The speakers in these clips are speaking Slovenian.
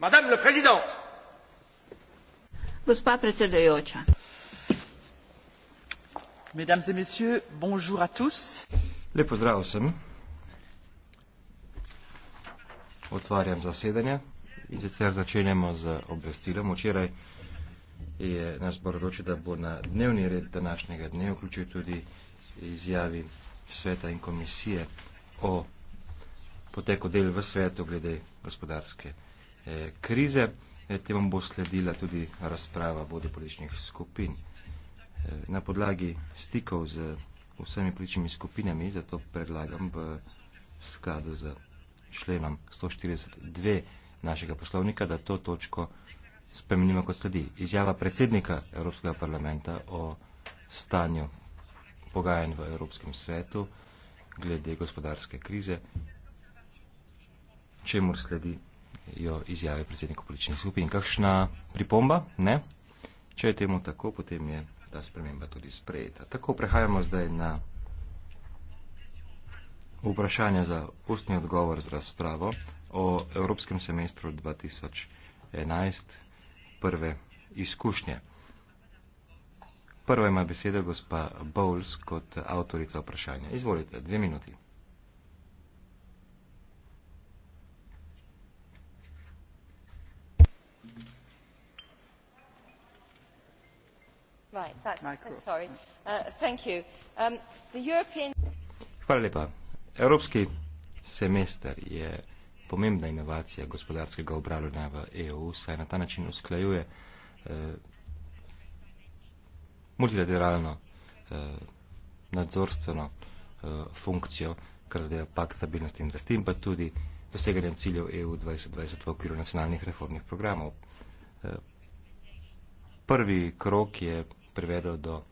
Madame le président. Gospa predsedujoča. Mesdames et messieurs, bonjour à tous. Lep pozdrav vsem. Otvarjam zasedanje in sicer začenjamo z obvestilom. Včeraj je nas bor odločil, da bo na dnevni red današnjega dne vključil tudi izjavi sveta in komisije o poteku del v svetu glede gospodarske Eh, krize. Eh, temu bo sledila tudi razprava vodi političnih skupin. Eh, na podlagi stikov z vsemi političnimi skupinami, zato predlagam v skladu z členom 142 našega poslovnika, da to točko spremenimo kot sledi. Izjava predsednika Evropskega parlamenta o stanju pogajanj v Evropskem svetu glede gospodarske krize, čemu sledi jo izjave predsednikov političnih skupin. Kakšna pripomba? Ne. Če je temu tako, potem je ta sprememba tudi sprejeta. Tako prehajamo zdaj na vprašanje za ustni odgovor z razpravo o Evropskem semestru 2011 prve izkušnje. Prva ima besedo gospa Bowles kot avtorica vprašanja. Izvolite, dve minuti. Uh, um, Evropski semester je pomembna inovacija gospodarskega obravljanja v EU, saj na ta način usklajuje eh, multilateralno eh, nadzorstveno eh, funkcijo, kar zadeva pak stabilnosti in rasti in pa tudi doseganje ciljev EU 2020 v okviru nacionalnih reformnih programov. Prvi krok je privedel do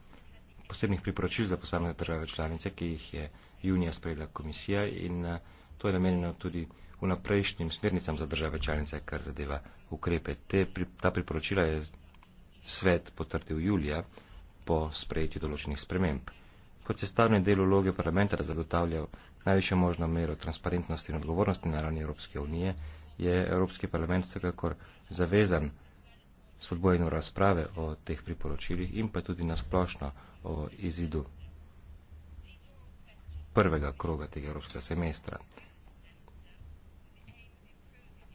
posebnih priporočil za posamezne države članice, ki jih je junija sprejela komisija in eh, to je namenjeno tudi vnaprejšnjim smernicam za države članice, kar zadeva ukrepe. Te, ta priporočila je svet potrdil julija po sprejetju določenih sprememb. Kot se stavne del vloge parlamenta, da zagotavlja najvišjo možno mero transparentnosti in odgovornosti na ravni Evropske unije, je Evropski parlament vsekakor zavezan spodbojenju razprave o teh priporočilih in pa tudi nasplošno o izidu prvega kroga tega evropskega semestra.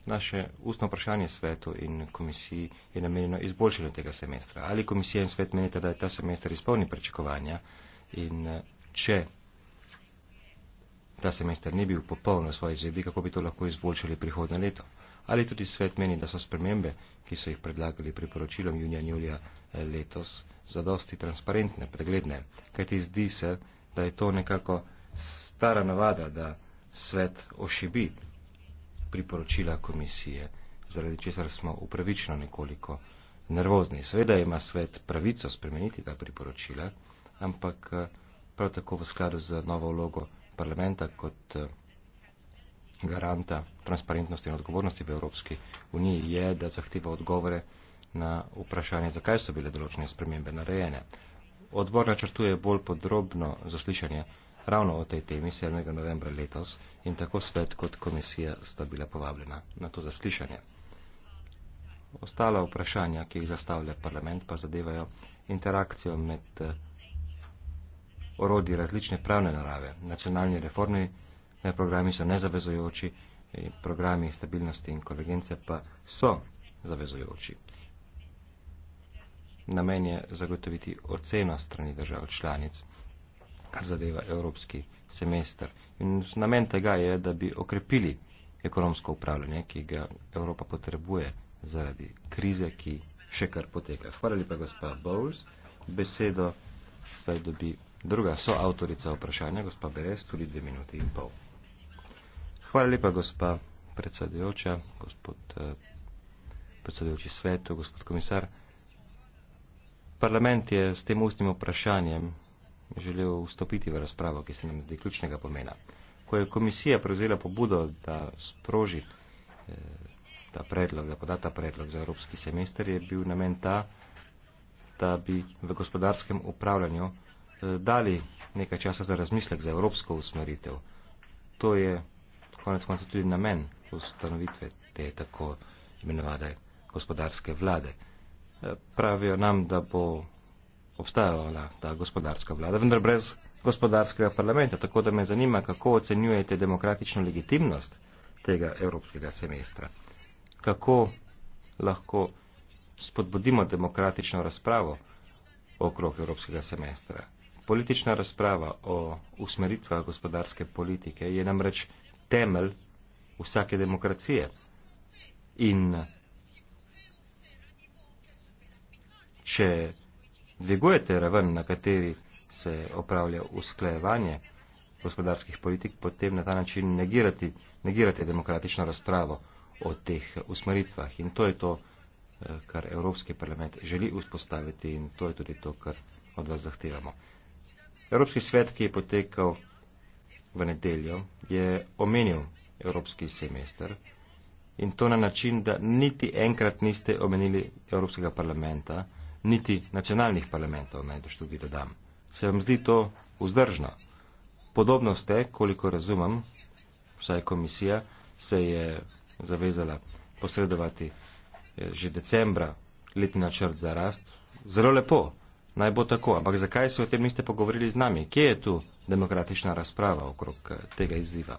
Naše ustno vprašanje svetu in komisiji je namenjeno izboljšanju tega semestra. Ali komisija in svet menite, da je ta semester izpolnil pričakovanja in če ta semester ni bil popoln v svoji izvedbi, kako bi to lahko izboljšali prihodne leto? Ali tudi svet meni, da so spremembe, ki so jih predlagali priporočilom junija in julija eh, letos, za dosti transparentne, pregledne, kajti zdi se, da je to nekako stara navada, da svet ošibi priporočila komisije, zaradi česar smo upravičeno nekoliko nervozni. Seveda ima svet pravico spremeniti ta priporočila, ampak eh, prav tako v skladu z novo vlogo parlamenta kot eh, garanta transparentnosti in odgovornosti v Evropski uniji je, da zahteva odgovore na vprašanje, zakaj so bile določene spremembe narejene. Odbor načrtuje bolj podrobno zaslišanje ravno o tej temi 7. novembra letos in tako svet kot komisija sta bila povabljena na to zaslišanje. Ostala vprašanja, ki jih zastavlja parlament, pa zadevajo interakcijo med eh, orodji različne pravne narave, nacionalni reformi, ne, programi so nezavezujoči, eh, programi stabilnosti in konvergence pa so zavezujoči. Namen je zagotoviti oceno strani držav članic, kar zadeva evropski semester. In namen tega je, da bi okrepili ekonomsko upravljanje, ki ga Evropa potrebuje zaradi krize, ki še kar poteka. Hvala lepa, gospa Bowles. Besedo zdaj dobi druga soavtorica vprašanja, gospa Beres, tudi dve minuti in pol. Hvala lepa, gospa predsedujoča, gospod eh, predsedujoči svetu, gospod komisar. Parlament je s tem ustnim vprašanjem želel vstopiti v razpravo, ki se nam je ključnega pomena. Ko je komisija prevzela pobudo, da sproži eh, ta predlog, da podata predlog za evropski semester, je bil namen ta, da bi v gospodarskem upravljanju eh, dali nekaj časa za razmislek za evropsko usmeritev. To je konec konca tudi namen ustanovitve te tako imenovane gospodarske vlade. E, pravijo nam, da bo obstajala ta gospodarska vlada, vendar brez gospodarskega parlamenta. Tako da me zanima, kako ocenjujete demokratično legitimnost tega evropskega semestra. Kako lahko spodbudimo demokratično razpravo okrog evropskega semestra. Politična razprava o usmeritvah gospodarske politike je namreč reč temelj vsake demokracije. In če dvigujete raven, na kateri se opravlja usklajevanje gospodarskih politik, potem na ta način negirati, negirate demokratično razpravo o teh usmeritvah. In to je to, eh, kar Evropski parlament želi uspostaviti in to je tudi to, kar od vas zahtevamo. Evropski svet, ki je potekal v nedeljo, je omenil evropski semester in to na način, da niti enkrat niste omenili evropskega parlamenta, niti nacionalnih parlamentov, najdeš tudi dodam. Se vam zdi to vzdržno? Podobno ste, koliko razumem, vsaj komisija se je zavezala posredovati eh, že decembra letni načrt za rast. Zelo lepo, naj bo tako, ampak zakaj se o tem niste pogovorili z nami? Kje je tu demokratična razprava okrog eh, tega izziva.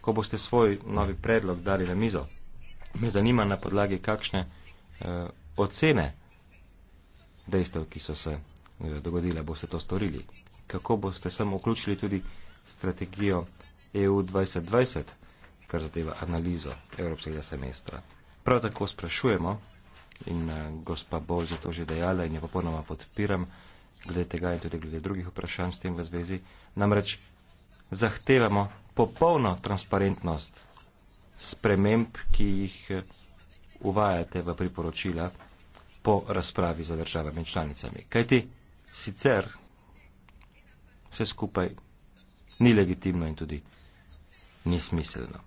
Ko boste svoj novi predlog dali na mizo, me zanima na podlagi kakšne uh, ocene dejstev, ki so se uh, dogodile, boste to storili. Kako boste sem vključili tudi strategijo EU 2020, kar zadeva analizo evropskega semestra. Prav tako sprašujemo, in uh, gospa Bolj za to že dejala in jo popolnoma podpiram, uh, glede tega in tudi glede drugih vprašanj s tem v zvezi. Namreč zahtevamo popolno transparentnost sprememb, ki jih eh, uvajate v priporočila po razpravi za državami in članicami. Kajti sicer vse skupaj ni legitimno in tudi ni smiselno.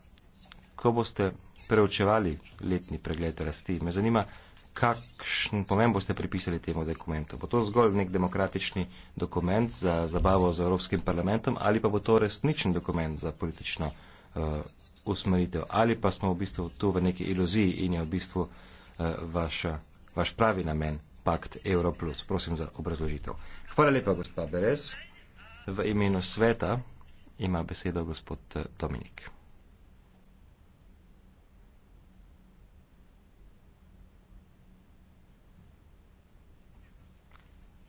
Ko boste preučevali letni pregled rasti, me zanima, kakšen pomen boste pripisali temu dokumentu? Bo to zgolj nek demokratični dokument za zabavo z Evropskim parlamentom ali pa bo to resničen dokument za politično uh, usmeritev ali pa smo v bistvu tu v neki iluziji in je v bistvu uh, vaša, vaš pravi namen pakt Euro plus. Prosim za obrazložitev. Hvala lepa, gospod Berez. V imenu sveta ima besedo gospod eh, Dominik.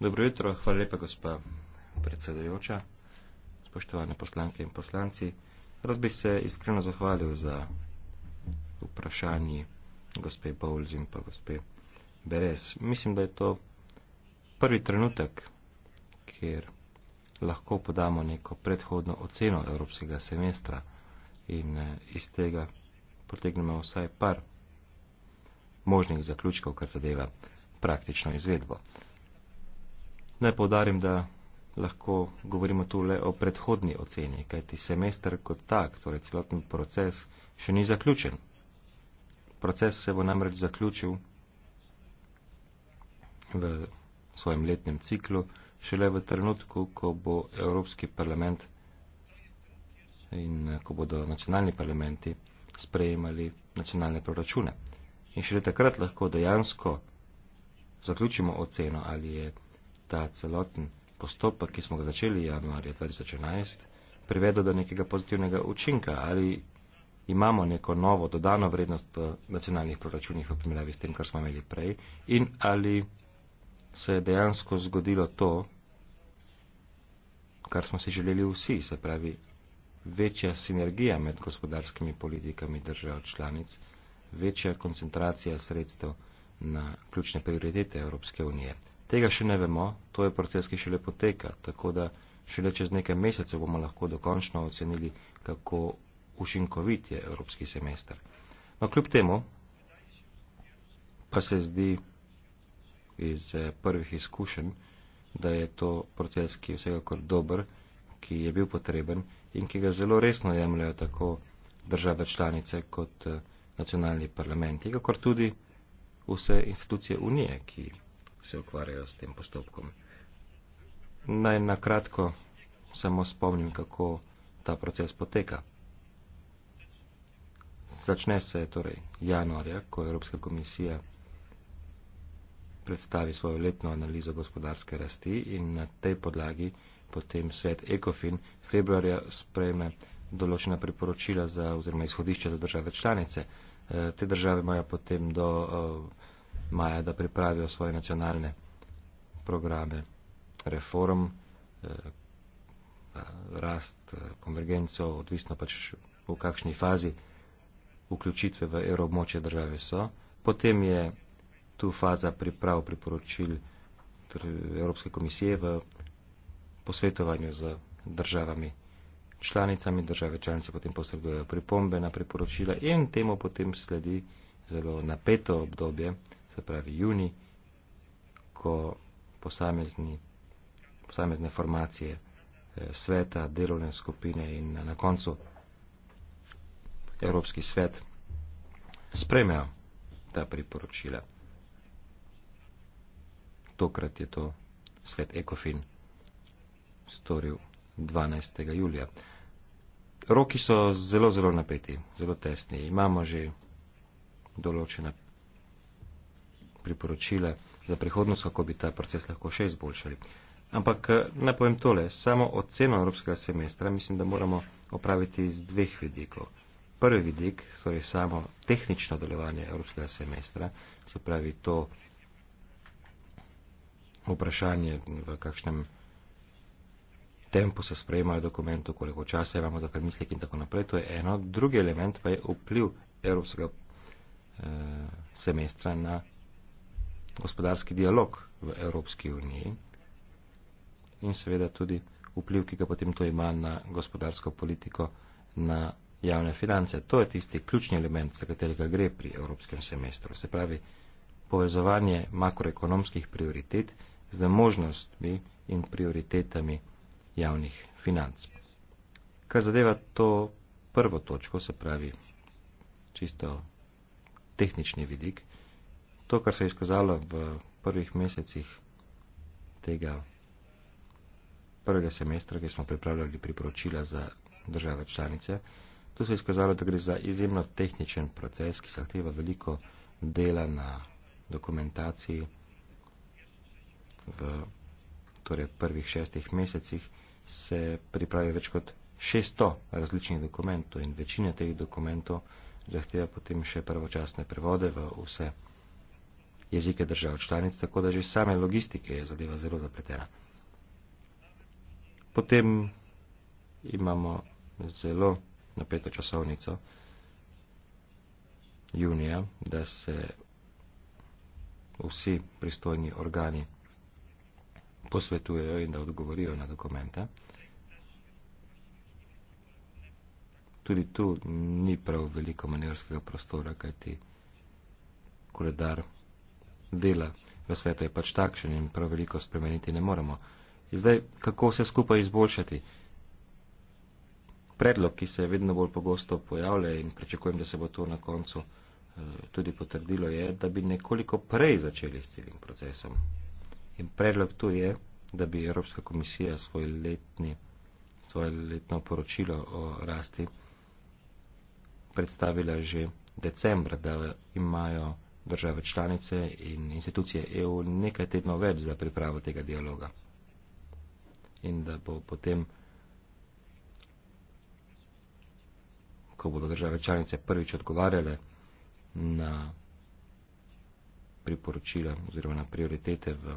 Dobro jutro, hvala lepa gospa predsedajoča, spoštovane poslanke in poslanci. Raz bi se iskreno zahvalil za vprašanje gospe Bowles in pa gospe Beres. Mislim, da je to prvi trenutek, kjer lahko podamo neko predhodno oceno evropskega semestra in eh, iz tega potegnemo vsaj par možnih zaključkov, kar zadeva praktično izvedbo. Naj povdarim, da lahko govorimo tu le o predhodni oceni, kajti semester kot tak, torej celoten proces, še ni zaključen. Proces se bo namreč zaključil v svojem letnem ciklu, šele v trenutku, ko bo Evropski parlament in ko bodo nacionalni parlamenti sprejemali nacionalne proračune. In šele takrat lahko dejansko zaključimo oceno, ali je ta celoten postopek, ki smo ga začeli januarja 2011, privedel do nekega pozitivnega učinka ali imamo neko novo dodano vrednost v nacionalnih proračunih v primerjavi s tem, kar smo imeli prej in ali se je dejansko zgodilo to, kar smo si želeli vsi, se pravi večja sinergija med gospodarskimi politikami držav članic, večja koncentracija sredstev na ključne prioritete Evropske unije. Tega še ne vemo, to je proces, ki šele poteka, tako da šele čez nekaj mesecev bomo lahko dokončno ocenili, kako učinkovit je evropski semester. No, kljub temu pa se zdi iz eh, prvih izkušenj, da je to proces, ki je vsekakor dober, ki je bil potreben in ki ga zelo resno jemljajo tako države članice kot eh, nacionalni parlamenti, kakor tudi vse institucije Unije, ki se ukvarjajo s tem postopkom. Naj na kratko samo spomnim, kako ta proces poteka. Začne se torej januarja, ko Evropska komisija predstavi svojo letno analizo gospodarske rasti in na tej podlagi potem svet ECOFIN februarja sprejme določena priporočila za, oziroma izhodišče za države članice. Eh, te države imajo potem do uh, maja, da pripravijo svoje nacionalne programe reform, eh, rast, eh, konvergenco, odvisno pač v kakšni fazi vključitve v evroobmočje države so. Potem je tu faza priprav priporočil Evropske komisije v posvetovanju z državami članicami, države članice potem posredujejo pripombe na priporočila in temu potem sledi zelo napeto obdobje, se pravi juni, ko posamezni, posamezne formacije eh, sveta, delovne skupine in na koncu Evropski svet spremejo ta priporočila. Tokrat je to svet Ekofin storil 12. julija. Roki so zelo, zelo napeti, zelo tesni. Imamo že določena priporočile za prihodnost, kako bi ta proces lahko še izboljšali. Ampak eh, ne povem tole, samo oceno evropskega semestra mislim, da moramo opraviti iz dveh vidikov. Prvi vidik, torej samo tehnično delovanje evropskega semestra, se pravi to vprašanje, v kakšnem tempu se sprejemajo dokumentu, koliko časa imamo za premislek in tako naprej, to je eno. Drugi element pa je vpliv evropskega eh, semestra na gospodarski dialog v Evropski uniji in seveda tudi vpliv, ki ga potem to ima na gospodarsko politiko, na javne finance. To je tisti ključni element, za katerega gre pri Evropskem semestru. Se pravi, povezovanje makroekonomskih prioritet z možnostmi in prioritetami javnih financ. Kar zadeva to prvo točko, se pravi čisto tehnični vidik, to, kar se je izkazalo v prvih mesecih tega prvega semestra, ki smo pripravljali priporočila za države članice, tu se je izkazalo, da gre za izjemno tehničen proces, ki zahteva veliko dela na dokumentaciji v torej, prvih šestih mesecih se pripravi več kot 600 različnih dokumentov in večina teh dokumentov zahteva potem še pravočasne prevode v vse jezike držav članic, tako da že same logistike je zadeva zelo zapletena. Potem imamo zelo napeto časovnico junija, da se vsi pristojni organi posvetujejo in da odgovorijo na dokumente. Tudi tu ni prav veliko manevrskega prostora, kajti koledar dela v svetu je pač takšen in prav veliko spremeniti ne moremo. In zdaj, kako vse skupaj izboljšati? Predlog, ki se vedno bolj pogosto pojavlja in pričakujem, da se bo to na koncu eh, tudi potrdilo, je, da bi nekoliko prej začeli s celim procesom. In predlog tu je, da bi Evropska komisija svoj letni, svoje letno poročilo o rasti predstavila že decembra, da imajo države članice in institucije EU nekaj tedno več za pripravo tega dialoga. In da bo potem, ko bodo države članice prvič odgovarjale na priporočila oziroma na prioritete v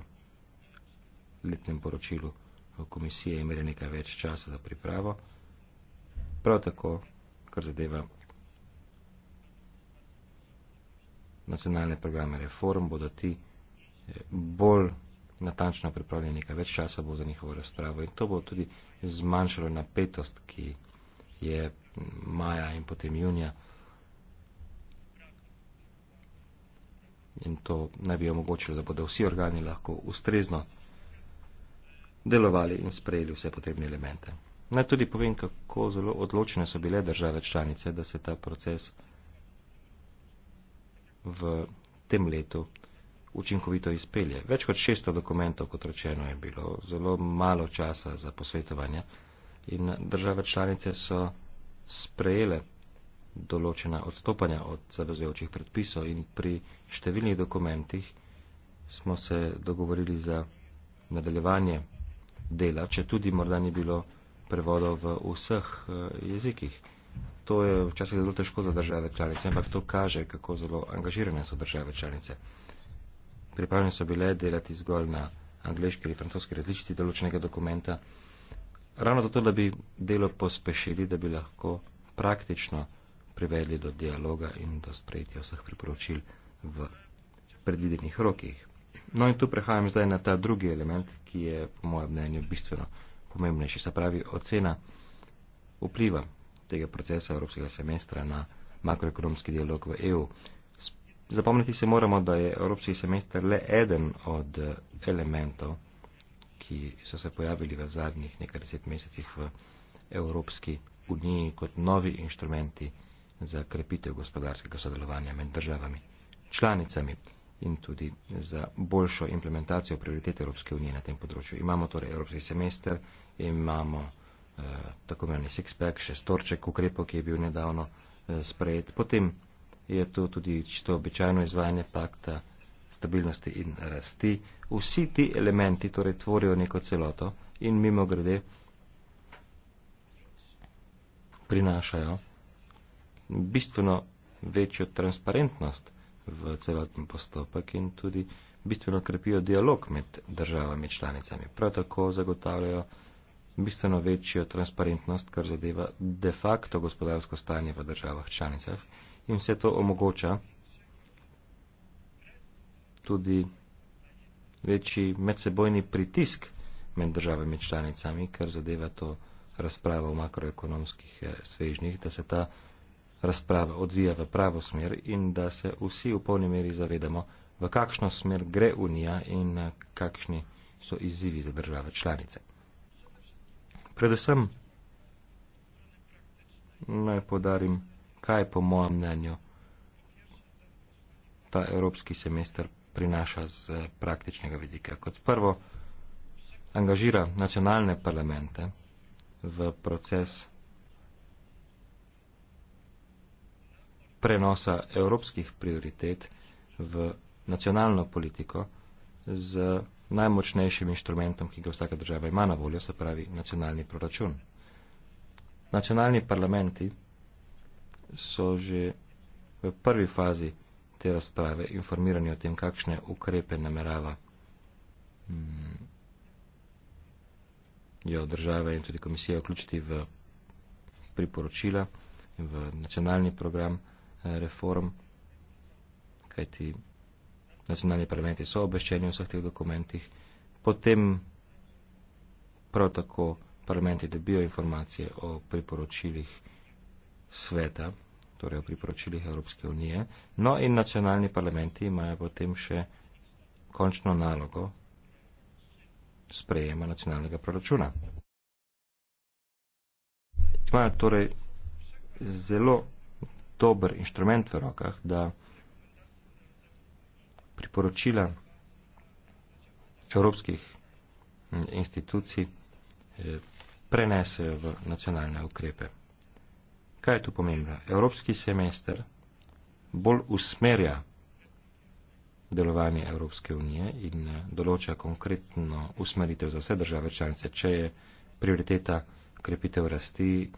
letnem poročilu v komisije imeli nekaj več časa za pripravo. Prav tako, kar zadeva nacionalne programe reform, bodo ti eh, bolj natančno pripravljeni, nekaj več časa bo za njihovo razpravo in to bo tudi zmanjšalo napetost, ki je maja in potem junija. In to naj bi omogočilo, da bodo vsi organi lahko ustrezno delovali in sprejeli vse potrebne elemente. Naj tudi povem, kako zelo odločene so bile države članice, da se ta proces v tem letu učinkovito izpelje. Več kot 600 dokumentov, kot rečeno, je bilo, zelo malo časa za posvetovanje in države članice so sprejele določena odstopanja od zavezujočih predpisov in pri številnih dokumentih smo se dogovorili za nadaljevanje dela, če tudi morda ni bilo prevodov v vseh eh, jezikih. To je včasih zelo težko za države članice, ampak to kaže, kako zelo angažirane so države članice. Pripravljene so bile delati zgolj na angliški ali francoski različici določenega dokumenta, ravno zato, da bi delo pospešili, da bi lahko praktično privedli do dialoga in do sprejetja vseh priporočil v predvidenih rokih. No in tu prehajam zdaj na ta drugi element, ki je po mojem mnenju bistveno pomembnejši, se pravi ocena vpliva tega procesa evropskega semestra na makroekonomski dialog v EU. Zapomniti se moramo, da je evropski semester le eden od eh, elementov, ki so se pojavili v zadnjih nekaj deset mesecih v Evropski uniji kot novi inštrumenti za krepitev gospodarskega sodelovanja med državami, članicami in tudi za boljšo implementacijo prioritete Evropske unije na tem področju. Imamo torej evropski semester, imamo Eh, tako imenovani six-pack, šestorček ukrepov, ki je bil nedavno eh, sprejet. Potem je to tudi čisto običajno izvajanje pakta stabilnosti in rasti. Vsi ti elementi torej tvorijo neko celoto in mimo grede prinašajo bistveno večjo transparentnost v celotni postopek in tudi bistveno krepijo dialog med državami članicami. Prav tako zagotavljajo bistveno večjo transparentnost, kar zadeva de facto gospodarsko stanje v državah članicah. In vse to omogoča tudi večji medsebojni pritisk med državami članicami, kar zadeva to razpravo v makroekonomskih eh, svežnih, da se ta razprava odvija v pravo smer in da se vsi v polni meri zavedamo, v kakšno smer gre Unija in eh, kakšni so izzivi za države članice predvsem naj podarim, kaj po mojem mnenju ta evropski semester prinaša z praktičnega vidika. Kot prvo, angažira nacionalne parlamente v proces prenosa evropskih prioritet v nacionalno politiko z najmočnejšim inštrumentom, ki ga vsaka država ima na voljo, se pravi nacionalni proračun. Nacionalni parlamenti so že v prvi fazi te razprave informirani o tem, kakšne ukrepe namerava mm, jo države in tudi komisija vključiti v priporočila in v nacionalni program eh, reform, kajti nacionalni parlamenti so obveščeni o vseh teh dokumentih, potem prav tako parlamenti dobijo informacije o priporočilih sveta, torej o priporočilih Evropske unije, no in nacionalni parlamenti imajo potem še končno nalogo sprejema nacionalnega proračuna. Imajo torej zelo dober inštrument v rokah, da priporočila evropskih mm, institucij eh, prenesejo v nacionalne ukrepe. Kaj je tu pomembno? Evropski semester bolj usmerja delovanje Evropske unije in eh, določa konkretno usmeritev za vse države članice, če je prioriteta krepitev rasti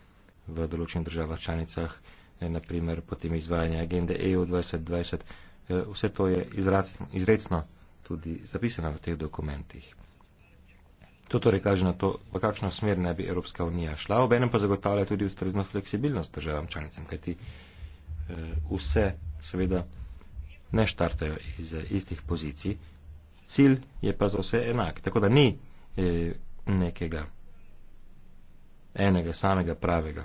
v določenih državah članicah, eh, naprimer potem izvajanje agende EU 2020. Eh, vse to je izrecno tudi zapisano v teh dokumentih. To torej kaže na to, v kakšno smer naj bi Evropska unija šla, obenem pa zagotavlja tudi ustrezno fleksibilnost državam članicam, kajti eh, vse seveda ne štartajo iz eh, istih pozicij. Cilj je pa za vse enak, tako da ni nekega enega samega pravega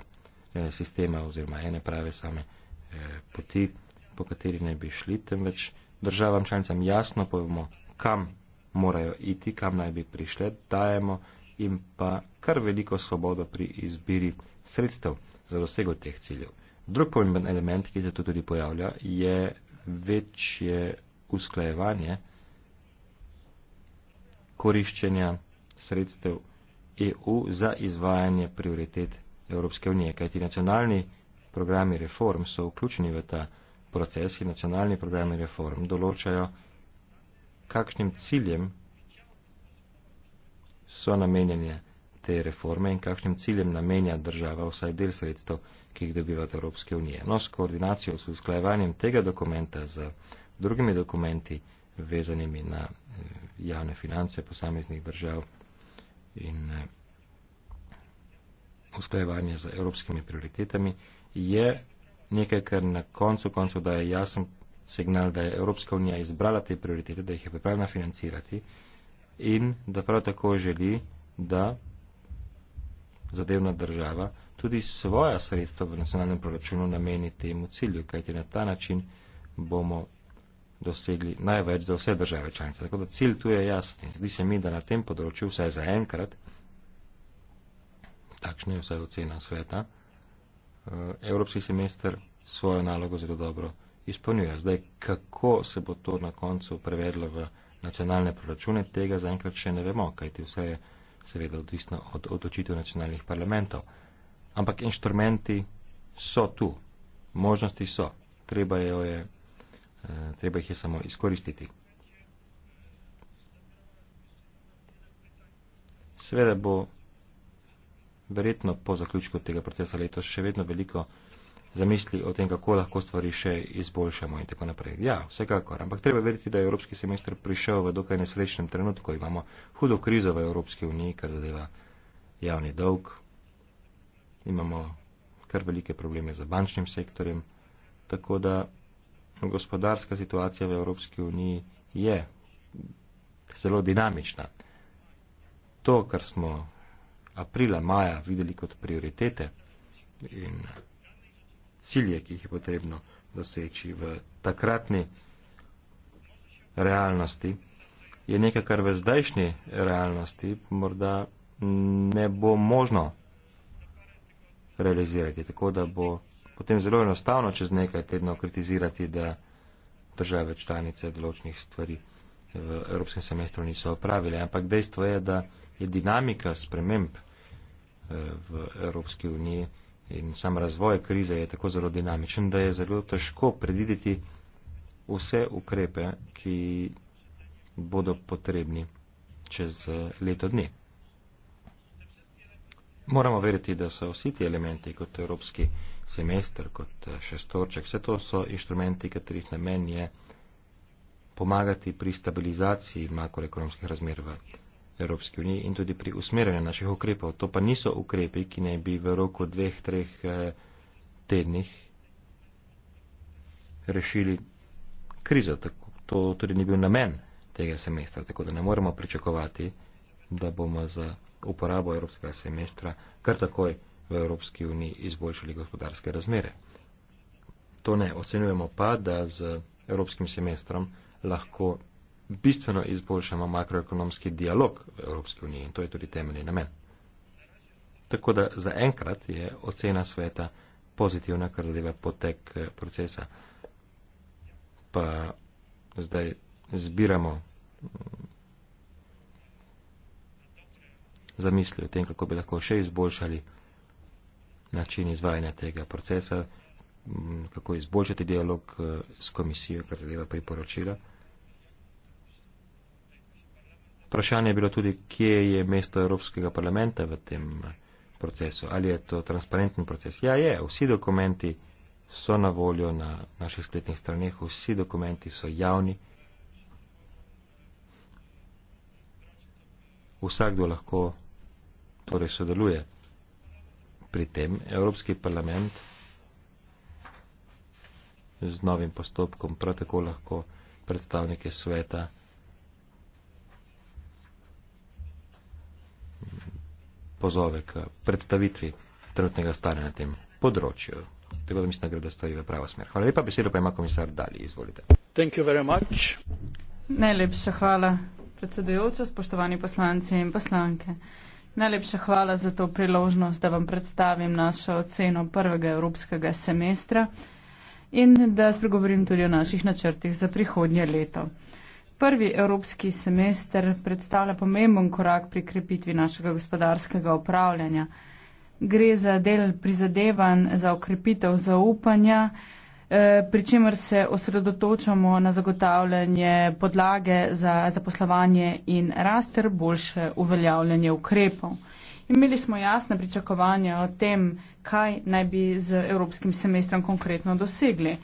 sistema oziroma ene prave same poti po kateri ne bi šli, temveč državam članicam jasno povemo, kam morajo iti, kam naj bi prišle, dajemo in pa kar veliko svobodo pri izbiri sredstev za dosego teh ciljev. Drug pomemben element, ki se tu tudi pojavlja, je večje usklajevanje koriščenja sredstev EU za izvajanje prioritet Evropske unije, kajti nacionalni programi reform so vključeni v ta procesi nacionalni programi reform določajo, kakšnim ciljem so namenjene te reforme in kakšnim ciljem namenja država vsaj del sredstev, ki jih dobiva od Evropske unije. No, s koordinacijo, s usklajevanjem tega dokumenta z drugimi dokumenti, vezanimi na eh, javne finance posameznih držav in eh, usklajevanje z evropskimi prioritetami, je nekaj, kar na koncu koncu daje jasen signal, da je Evropska unija izbrala te prioritete, da jih je pripravljena financirati in da prav tako želi, da zadevna država tudi svoja sredstva v nacionalnem proračunu nameni temu cilju, kajti na ta način bomo dosegli največ za vse države članice. Tako da cilj tu je jasen. Zdi se mi, da na tem področju vsaj zaenkrat, takšna je vsaj ocena sveta, Eh, evropski semester svojo nalogo zelo dobro izpolnjuje. Zdaj, kako se bo to na koncu prevedlo v nacionalne proračune, tega zaenkrat še ne vemo, kajti vse je seveda odvisno od odločitev nacionalnih parlamentov. Ampak inštrumenti so tu, možnosti so, treba, je, je, eh, treba jih je samo izkoristiti. Seveda bo verjetno po zaključku tega procesa letos še vedno veliko zamisli o tem, kako lahko stvari še izboljšamo in tako naprej. Ja, vsekakor, ampak treba verjeti, da je Evropski semester prišel v dokaj nesrečnem trenutku. Imamo hudo krizo v Evropski uniji, kar zadeva javni dolg. Imamo kar velike probleme z bančnim sektorjem. Tako da gospodarska situacija v Evropski uniji je zelo dinamična. To, kar smo aprila, maja videli kot prioritete in cilje, ki jih je potrebno doseči v takratni realnosti, je nekaj, kar v zdajšnji realnosti morda ne bo možno realizirati. Tako da bo potem zelo enostavno čez nekaj tedno kritizirati, da države članice določenih stvari v eh, evropskem semestru niso opravili. Ampak dejstvo je, da je dinamika sprememb eh, v Evropski uniji in sam razvoj krize je tako zelo dinamičen, da je zelo težko predvideti vse ukrepe, ki bodo potrebni čez eh, leto dni. Moramo veriti, da so vsi ti elementi, kot evropski semester, kot šestorček, vse to so inštrumenti, katerih namen je pomagati pri stabilizaciji makroekonomskih razmer v Evropski uniji in tudi pri usmerjanju naših ukrepov. To pa niso ukrepi, ki naj bi v roku dveh, treh eh, tednih rešili krizo. Tako, to tudi ni bil namen tega semestra, tako da ne moremo pričakovati, da bomo za uporabo Evropskega semestra kar takoj v Evropski uniji izboljšali gospodarske razmere. To ne, ocenujemo pa, da z Evropskim semestrom lahko bistveno izboljšamo makroekonomski dialog v Evropski uniji in to je tudi temeljni namen. Tako da zaenkrat je ocena sveta pozitivna, kar zadeva potek eh, procesa. Pa zdaj zbiramo mm, zamisli o tem, kako bi lahko še izboljšali način izvajanja tega procesa, mm, kako izboljšati dialog eh, s komisijo, kar zadeva priporočila. Vprašanje je bilo tudi, kje je mesto Evropskega parlamenta v tem procesu. Ali je to transparenten proces? Ja, je. Vsi dokumenti so na voljo na naših spletnih straneh, vsi dokumenti so javni. Vsakdo lahko torej sodeluje pri tem. Evropski parlament z novim postopkom prav tako lahko predstavnike sveta pozove k predstavitvi trenutnega stanja na tem področju. Tako da mislim, da gre da stvari v pravo smer. Hvala lepa, besedo pa ima komisar Dali, izvolite. Thank you very much. Najlepša hvala predsedujoča, spoštovani poslanci in poslanke. Najlepša hvala za to priložnost, da vam predstavim našo oceno prvega evropskega semestra in da spregovorim tudi o naših načrtih za prihodnje leto prvi evropski semester predstavlja pomemben korak pri krepitvi našega gospodarskega upravljanja. Gre za del prizadevanj za okrepitev zaupanja, eh, pri čemer se osredotočamo na zagotavljanje podlage za zaposlovanje in raster boljše uveljavljanje ukrepov. Imeli smo jasne pričakovanja o tem, kaj naj bi z evropskim semestrom konkretno dosegli.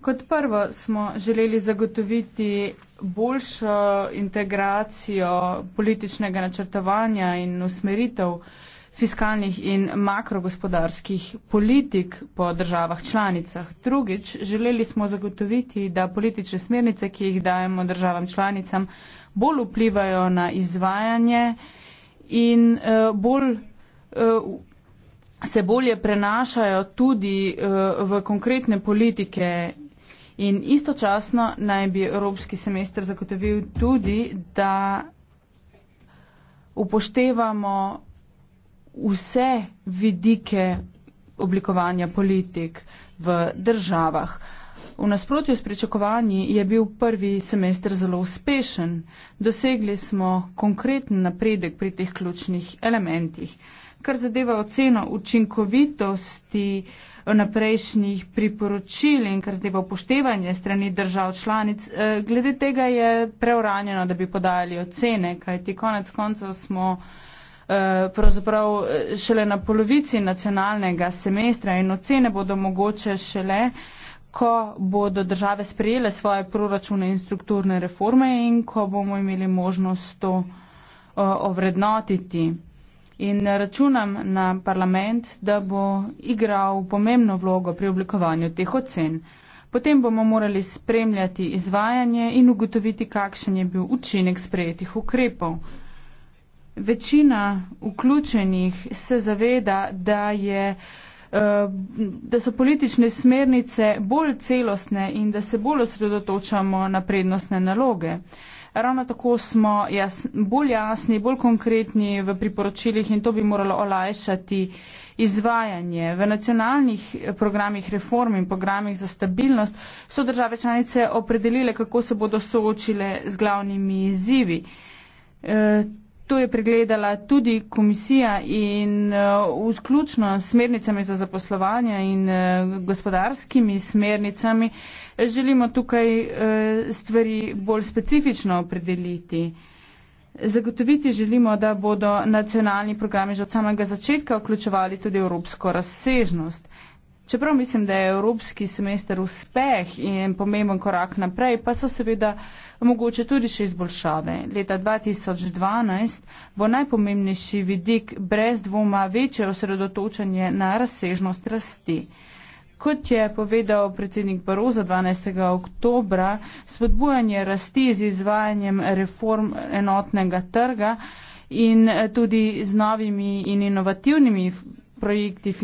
Kot prvo smo želeli zagotoviti boljšo integracijo političnega načrtovanja in usmeritev fiskalnih in makrogospodarskih politik po državah članicah. Drugič, želeli smo zagotoviti, da politične smernice, ki jih dajemo državam članicam, bolj vplivajo na izvajanje in uh, bolj, uh, se bolje prenašajo tudi uh, v konkretne politike In istočasno naj bi evropski semester zagotovil tudi, da upoštevamo vse vidike oblikovanja politik v državah. V nasprotju s pričakovanji je bil prvi semester zelo uspešen. Dosegli smo konkreten napredek pri teh ključnih elementih. Kar zadeva oceno učinkovitosti, vnaprejšnjih priporočil in kar zdaj bo upoštevanje strani držav članic. Eh, glede tega je preuranjeno, da bi podajali ocene, kajti konec koncev smo eh, pravzaprav eh, šele na polovici nacionalnega semestra in ocene bodo mogoče šele, ko bodo države sprejele svoje proračune in strukturne reforme in ko bomo imeli možnost to ovrednotiti in računam na parlament, da bo igral pomembno vlogo pri oblikovanju teh ocen. Potem bomo morali spremljati izvajanje in ugotoviti, kakšen je bil učinek sprejetih ukrepov. Večina vključenih se zaveda, da, je, eh, da so politične smernice bolj celostne in da se bolj osredotočamo na prednostne naloge ravno tako smo jas, bolj jasni, bolj konkretni v priporočilih in to bi moralo olajšati izvajanje. V nacionalnih programih reform in programih za stabilnost so države članice opredelile, kako se bodo soočile z glavnimi izzivi. E, To je pregledala tudi komisija in eh, vključno s smernicami za zaposlovanje in eh, gospodarskimi smernicami želimo tukaj eh, stvari bolj specifično opredeliti. Zagotoviti želimo, da bodo nacionalni programi že od samega začetka vključevali tudi evropsko razsežnost. Čeprav mislim, da je evropski semester uspeh in pomemben korak naprej, pa so seveda mogoče tudi še izboljšave. Leta 2012 bo najpomembnejši vidik brez dvoma večje osredotočanje na razsežnost rasti. Kot je povedal predsednik Baroza 12. oktobra, spodbujanje rasti z izvajanjem reform enotnega trga in tudi z novimi in inovativnimi projekti,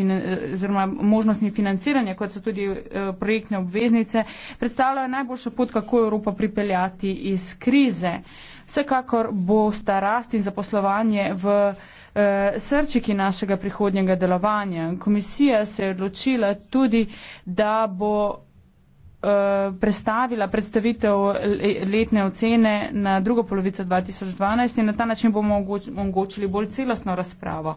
oziroma možnostmi financiranja, kot so tudi eh, projektne obveznice, predstavljajo najboljšo pot, kako Evropo pripeljati iz krize. Vsekakor bo sta rast in zaposlovanje v eh, srčiki našega prihodnjega delovanja. Komisija se je odločila tudi, da bo eh, predstavila predstavitev letne ocene na drugo polovico 2012 in na ta način bomo omogočili bolj celostno razpravo.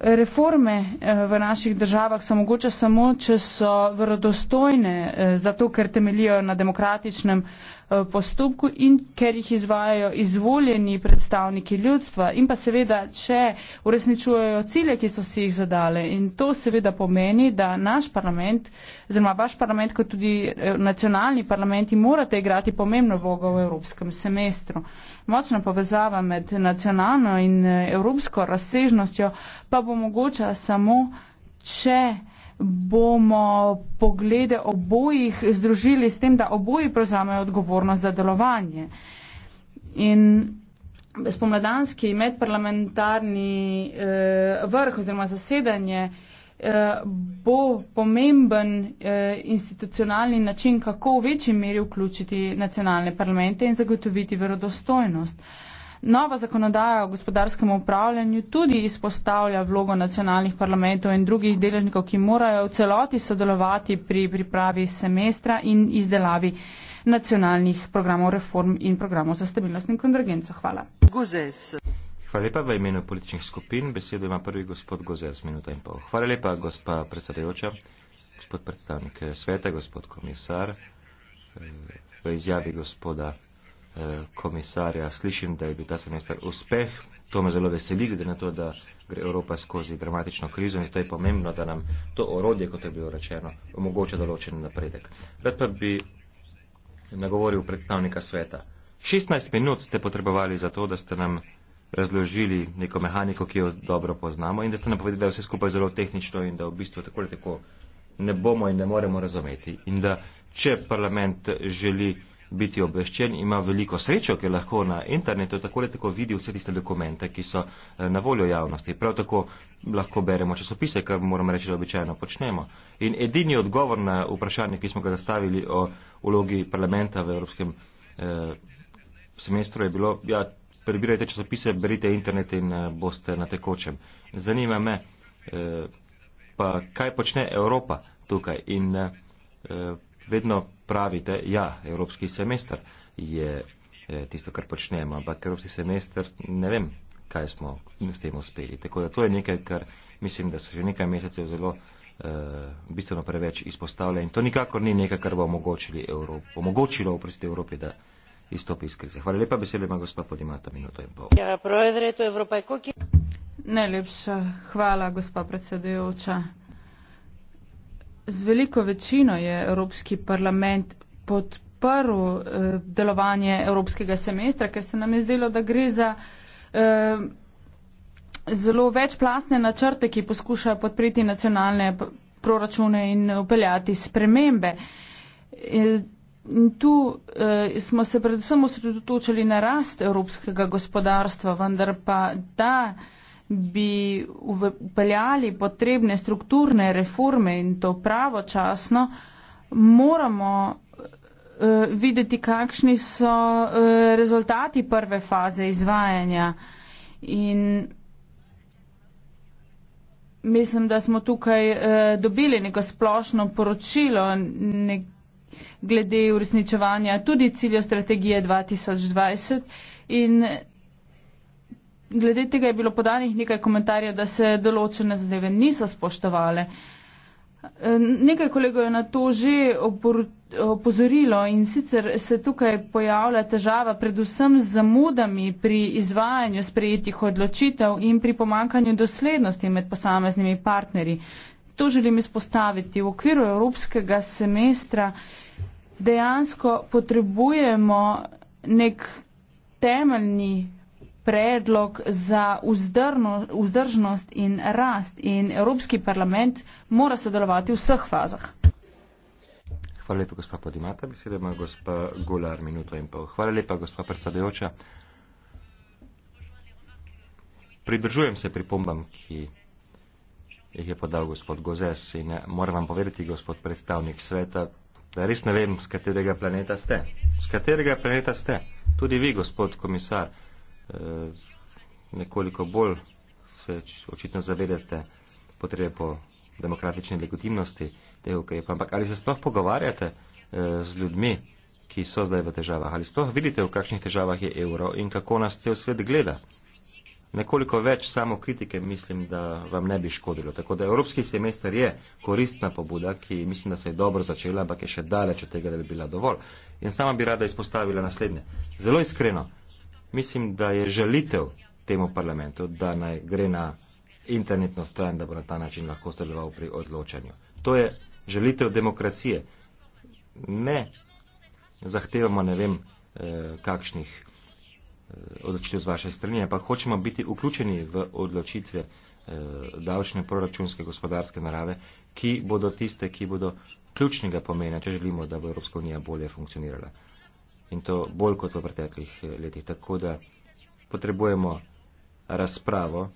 Reforme eh, v naših državah so mogoče samo, če so verodostojne, eh, zato ker temelijo na demokratičnem Eh, postopku in ker jih izvajajo izvoljeni predstavniki ljudstva in pa seveda, če uresničujejo cilje, ki so si jih zadale. In to seveda pomeni, da naš parlament, oziroma vaš parlament, kot tudi eh, nacionalni parlamenti, morate igrati pomembno vlogo v evropskem semestru. Močna povezava med nacionalno in eh, evropsko razsežnostjo pa bo mogoča samo, če bomo poglede obojih združili s tem, da oboji prevzamejo odgovornost za delovanje. In spomladanski medparlamentarni eh, vrh oziroma zasedanje eh, bo pomemben eh, institucionalni način, kako v večji meri vključiti nacionalne parlamente in zagotoviti verodostojnost. Eh, Nova zakonodaja o gospodarskem upravljanju tudi izpostavlja vlogo nacionalnih parlamentov in drugih deležnikov, ki morajo v celoti sodelovati pri pripravi semestra in izdelavi nacionalnih programov reform in programov za stabilnost in konvergenco. Hvala. Hvala lepa v imenu političnih skupin. Besedo ima prvi gospod Gozers, minuta in pol. Hvala lepa, gospa predsedajoča, gospod predstavnik sveta, gospod komisar. V izjavi gospoda komisarja. Slišim, da je bil ta semester uspeh. To me zelo veseli, glede na to, da gre Evropa skozi dramatično krizo in zato je pomembno, da nam to orodje, kot je bilo rečeno, omogoča določen napredek. Rad pa bi nagovoril predstavnika sveta. 16 minut ste potrebovali za to, da ste nam razložili neko mehaniko, ki jo dobro poznamo in da ste nam povedali, da je vse skupaj zelo tehnično in da v bistvu tako ali tako ne bomo in ne moremo razumeti. In da če parlament želi biti obveščen, ima veliko srečo, ker lahko na internetu tako ali tako vidi vse tiste dokumente, ki so eh, na voljo javnosti. Prav tako lahko beremo časopise, kar moram reči, da običajno počnemo. In edini odgovor na vprašanje, ki smo ga zastavili o ulogi parlamenta v evropskem eh, semestru, je bilo, ja, prebirajte časopise, berite internet in eh, boste na tekočem. Zanima me, eh, pa kaj počne Evropa tukaj in eh, eh vedno pravite, ja, evropski semester je eh, tisto, kar počnemo, ampak evropski semester ne vem, kaj smo s tem uspeli. Tako da to je nekaj, kar mislim, da se že nekaj mesecev zelo uh, bistveno preveč izpostavlja in to nikakor ni nekaj, kar bo Evrop, omogočilo Evropi, da izstopi iz krize. Hvala lepa, besede ima gospa Podimata, minuto in pol. Ja, Najlepša hvala, gospa predsedujoča z veliko večino je Evropski parlament podprl eh, delovanje Evropskega semestra, ker se nam je zdelo, da gre za eh, zelo večplastne načrte, ki poskušajo podpreti nacionalne proračune in upeljati spremembe. In tu eh, smo se predvsem osredotočili na rast evropskega gospodarstva, vendar pa da eh, bi upeljali potrebne strukturne reforme in to pravočasno, moramo uh, videti, kakšni so uh, rezultati prve faze izvajanja. In mislim, da smo tukaj uh, dobili neko splošno poročilo nek glede uresničevanja tudi ciljo strategije 2020 in Glede tega je bilo podanih nekaj komentarjev, da se določene zadeve niso spoštovale. E, nekaj kolegov je na to že opozorilo in sicer se tukaj pojavlja težava predvsem z zamudami pri izvajanju sprejetih odločitev in pri pomankanju doslednosti med posameznimi partnerji. To želim izpostaviti. V okviru evropskega semestra dejansko potrebujemo nek temeljni predlog za vzdrno, vzdržnost in rast in Evropski parlament mora sodelovati v vseh fazah. Hvala lepa, gospa Podimata. Mislim, da ima gospa Gular minuto in pol. Hvala lepa, gospa predsedujoča. Pridržujem se pripombam, ki jih je podal gospod Gozes in moram vam povedati, gospod predstavnik sveta, da res ne vem, z katerega planeta ste. Z katerega planeta ste. Tudi vi, gospod komisar. Eh, nekoliko bolj se očitno zavedate potrebe po demokratični legitimnosti tega ukrepa. Ampak ali se sploh pogovarjate eh, z ljudmi, ki so zdaj v težavah? Ali sploh vidite, v kakšnih težavah je evro in kako nas cel svet gleda? Nekoliko več samo kritike mislim, da vam ne bi škodilo. Tako da evropski semester je koristna pobuda, ki mislim, da se je dobro začela, ampak je še daleč od tega, da bi bila dovolj. In sama bi rada izpostavila naslednje. Zelo iskreno, Mislim, da je želitev temu parlamentu, da naj gre na internetno stran, da bo na ta način lahko sodeloval pri odločanju. To je želitev demokracije. Ne zahtevamo ne vem eh, kakšnih eh, odločitev z vaše strani, ampak hočemo biti vključeni v odločitve eh, davčne, proračunske, gospodarske narave, ki bodo tiste, ki bodo ključnega pomena, če želimo, da bo Evropska unija bolje funkcionirala in to bolj kot v preteklih eh, letih. Tako da potrebujemo razpravo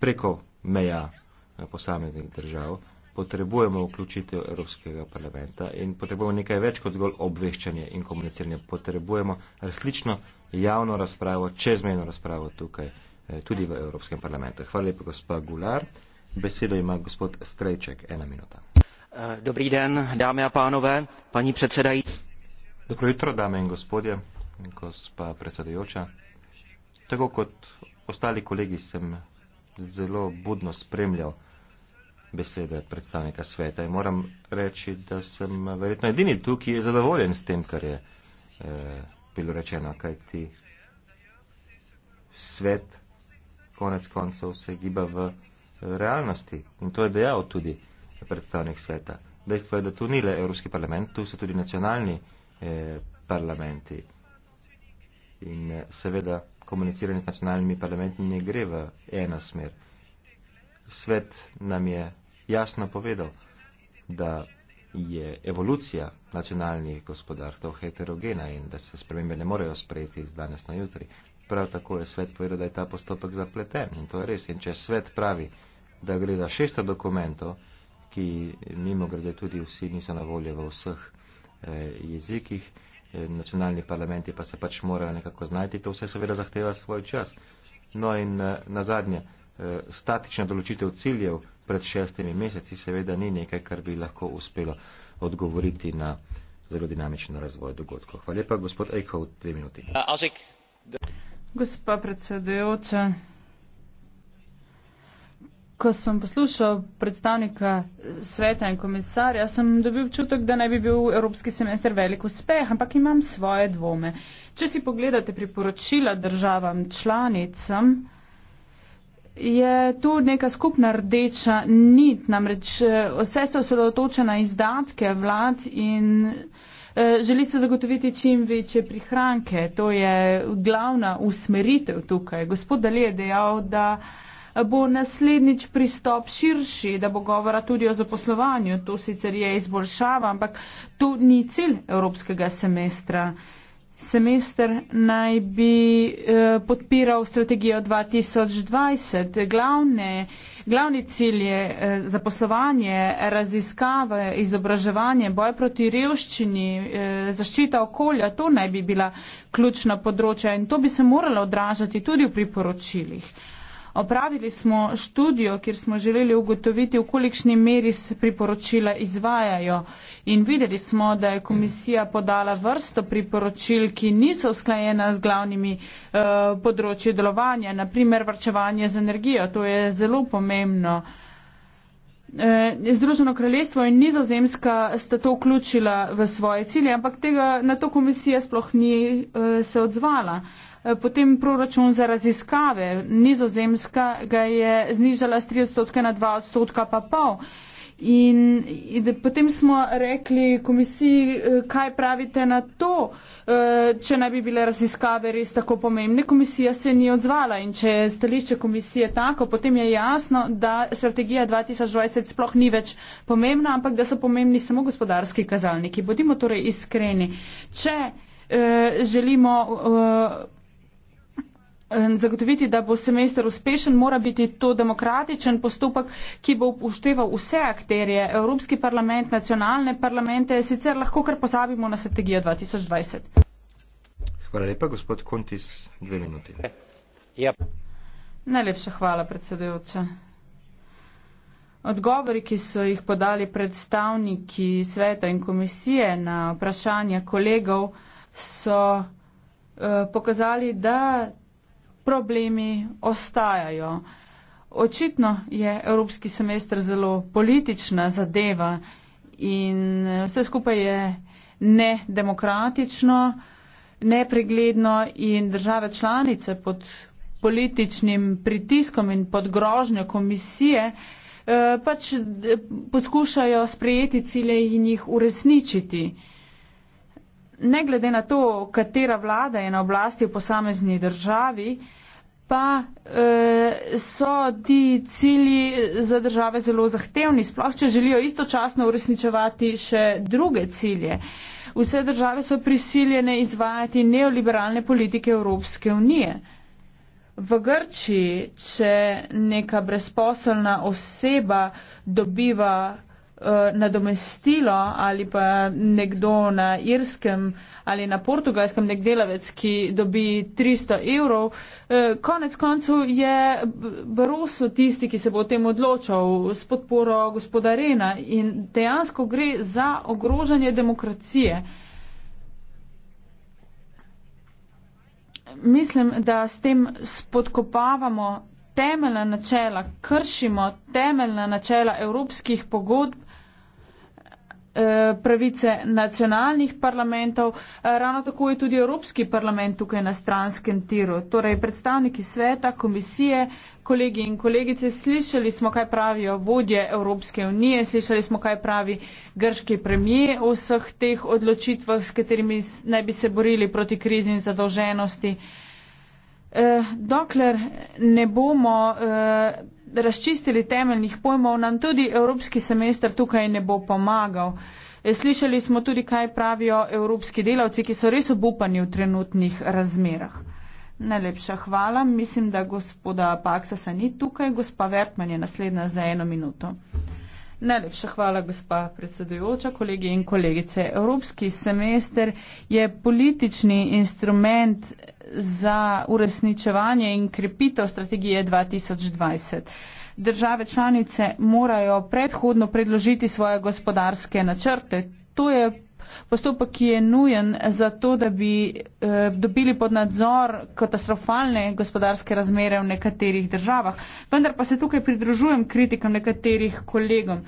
preko meja eh, posameznih držav, potrebujemo vključitev Evropskega parlamenta in potrebujemo nekaj več kot zgolj obveščanje in komuniciranje. Potrebujemo različno javno razpravo, čezmejno razpravo tukaj, eh, tudi v Evropskem parlamentu. Hvala lepa, gospa Gular. Besedo ima gospod Strejček, ena minuta. Dobrý den, dámy a pánové, paní předsedající. Dobro jutro, dame in gospodje, gospa predsedujoča. Tako kot ostali kolegi sem zelo budno spremljal besede predstavnika sveta in moram reči, da sem verjetno edini tu, ki je zadovoljen s tem, kar je eh, bilo rečeno, kaj ti svet konec koncev se giba v eh, realnosti in to je dejal tudi predstavnik sveta. Dejstvo je, da tu ni le Evropski parlament, tu so tudi nacionalni eh, Eh, parlamenti. In eh, seveda komuniciranje z nacionalnimi parlamenti ne gre v eno smer. Svet nam je jasno povedal, da je evolucija nacionalnih gospodarstv heterogena in da se spremembe ne morejo sprejeti iz danes na jutri. Prav tako je svet povedal, da je ta postopek zapleten in to je res. In če svet pravi, da gre za 600 dokumentov, ki mimo grede tudi vsi niso na voljo v vseh Eh, jezikih, eh, nacionalni parlamenti pa se pač morajo nekako znajti. To vse seveda zahteva svoj čas. No in eh, na zadnje, statična določitev ciljev pred šestimi meseci seveda ni nekaj, kar bi lahko uspelo odgovoriti na zelo dinamičen razvoj dogodkov. Hvala lepa, gospod Ejko, v dve minuti. Gospa predsedujoča, ko sem poslušal predstavnika sveta in komisarja, sem dobil občutek, da ne bi bil evropski semester velik uspeh, ampak imam svoje dvome. Če si pogledate priporočila državam članicam, je tu neka skupna rdeča nit, namreč eh, vse se osredotoča na izdatke vlad in eh, Želi se zagotoviti čim večje prihranke. To je glavna usmeritev tukaj. Gospod Dali je dejal, da bo naslednjič pristop širši, da bo govora tudi o zaposlovanju. To sicer je izboljšava, ampak to ni cilj evropskega semestra. Semester naj bi eh, podpiral strategijo 2020. Glavne, glavni cilj je eh, zaposlovanje, raziskave, izobraževanje, boj proti revščini, eh, zaščita okolja. To naj bi bila ključna področja in to bi se moralo odražati tudi v priporočilih. Eh, Opravili smo študijo, kjer smo želeli ugotoviti, v kolikšni meri se priporočila izvajajo. In videli smo, da je komisija podala vrsto priporočil, ki niso usklajena z glavnimi eh, področji delovanja, naprimer vrčevanje z energijo. To je zelo pomembno. Eh, Združeno kraljestvo in nizozemska sta to vključila v svoje cilje, ampak tega, na to komisija sploh ni eh, se odzvala. Potem proračun za raziskave. Nizozemska ga je znižala z 3 odstotke na 2 odstotka pa pol. In, in potem smo rekli komisiji, eh, kaj pravite na to, eh, če naj bi bile raziskave res tako pomembne. Komisija se ni odzvala in če je stališče komisije tako, potem je jasno, da strategija 2020 sploh ni več pomembna, ampak da so pomembni samo gospodarski kazalniki. Bodimo torej iskreni. Če uh, želimo. Uh, Eh, zagotoviti, da bo semester uspešen, mora biti to demokratičen postopek, ki bo upošteval vse akterje, Evropski parlament, nacionalne parlamente, sicer lahko kar pozabimo na strategijo 2020. Hvala lepa, gospod Kontis, dve minuti. Ja. Najlepša hvala, predsedujoča. Odgovori, ki so jih podali predstavniki sveta in komisije na vprašanja kolegov, so uh, pokazali, da problemi ostajajo. Očitno je evropski semester zelo politična zadeva in vse skupaj je nedemokratično, nepregledno in države članice pod političnim pritiskom in pod grožnjo komisije eh, pač eh, poskušajo sprejeti cilje in jih uresničiti ne glede na to, katera vlada je na oblasti v posamezni državi, pa eh, so ti cilji za države zelo zahtevni, sploh če želijo istočasno uresničevati še druge cilje. Vse države so prisiljene izvajati neoliberalne politike Evropske unije. V Grčiji, če neka brezposelna oseba dobiva Eh, nadomestilo ali pa nekdo na Irskem ali na Portugalskem, nek delavec, ki dobi 300 evrov. Eh, konec koncev je Baroso tisti, ki se bo o tem odločal s podporo gospoda Rena in dejansko gre za ogrožanje demokracije. Mislim, da s tem spodkopavamo temeljna načela, kršimo temeljna načela evropskih pogodb Eh, pravice nacionalnih parlamentov, eh, ravno tako je tudi Evropski parlament tukaj na stranskem tiru. Torej, predstavniki sveta, komisije, kolegi in kolegice, slišali smo, kaj pravijo vodje Evropske unije, slišali smo, kaj pravi grški premije o vseh teh odločitvah, s katerimi naj bi se borili proti krizi in zadolženosti. Eh, dokler ne bomo razčistili temeljnih pojmov, nam tudi evropski semester tukaj ne bo pomagal. E, slišali smo tudi, kaj pravijo evropski delavci, ki so res obupani v trenutnih razmerah. Najlepša hvala. Mislim, da gospoda Paksasa ni tukaj. Gospa Vertman je naslednja za eno minuto. Najlepša hvala, gospa predsedujoča, kolegi in kolegice. Evropski semester je politični instrument za uresničevanje in krepitev strategije 2020. Države članice morajo predhodno predložiti svoje gospodarske načrte. To je postopek, ki je nujen za to, da bi eh, dobili pod nadzor katastrofalne gospodarske razmere v nekaterih državah. Vendar pa se tukaj pridružujem kritikam nekaterih kolegom. Eh,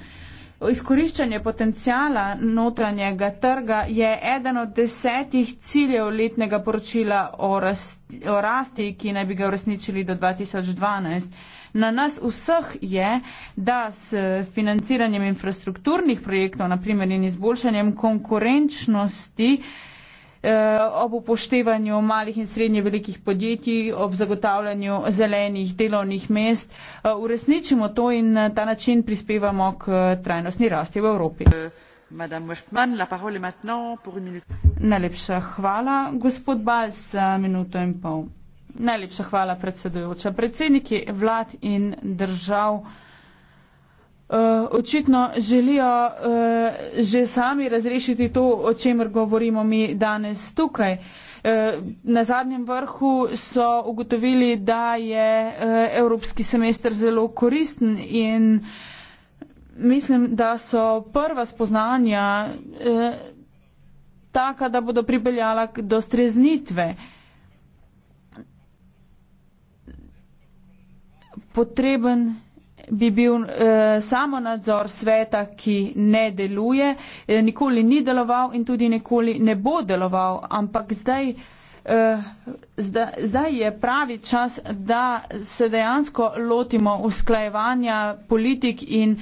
Izkoriščanje potencijala notranjega trga je eden od desetih ciljev letnega poročila o rasti, o rasti ki naj bi ga uresničili do 2012. Na nas vseh je, da s financiranjem infrastrukturnih projektov, naprimer in izboljšanjem konkurenčnosti, Eh, ob upoštevanju malih in srednje velikih podjetij, ob zagotavljanju zelenih delovnih mest, eh, uresničimo to in na ta način prispevamo k trajnostni rasti v Evropi. Eh, Najlepša hvala, gospod Bal, za minuto in pol. Najlepša hvala, predsedujoča. Predsedniki vlad in držav. Eh, očitno želijo uh, že sami razrešiti to, o čemer govorimo mi danes tukaj. Eh, na zadnjem vrhu so ugotovili, da je evropski semester zelo koristen in mislim, da so prva spoznanja taka, da bodo pripeljala do streznitve. Potreben bi bil eh, samo nadzor sveta, ki ne deluje, eh, nikoli ni deloval in tudi nikoli ne bo deloval, ampak zdaj, eh, zda, zdaj je pravi čas, da se dejansko lotimo usklajevanja politik in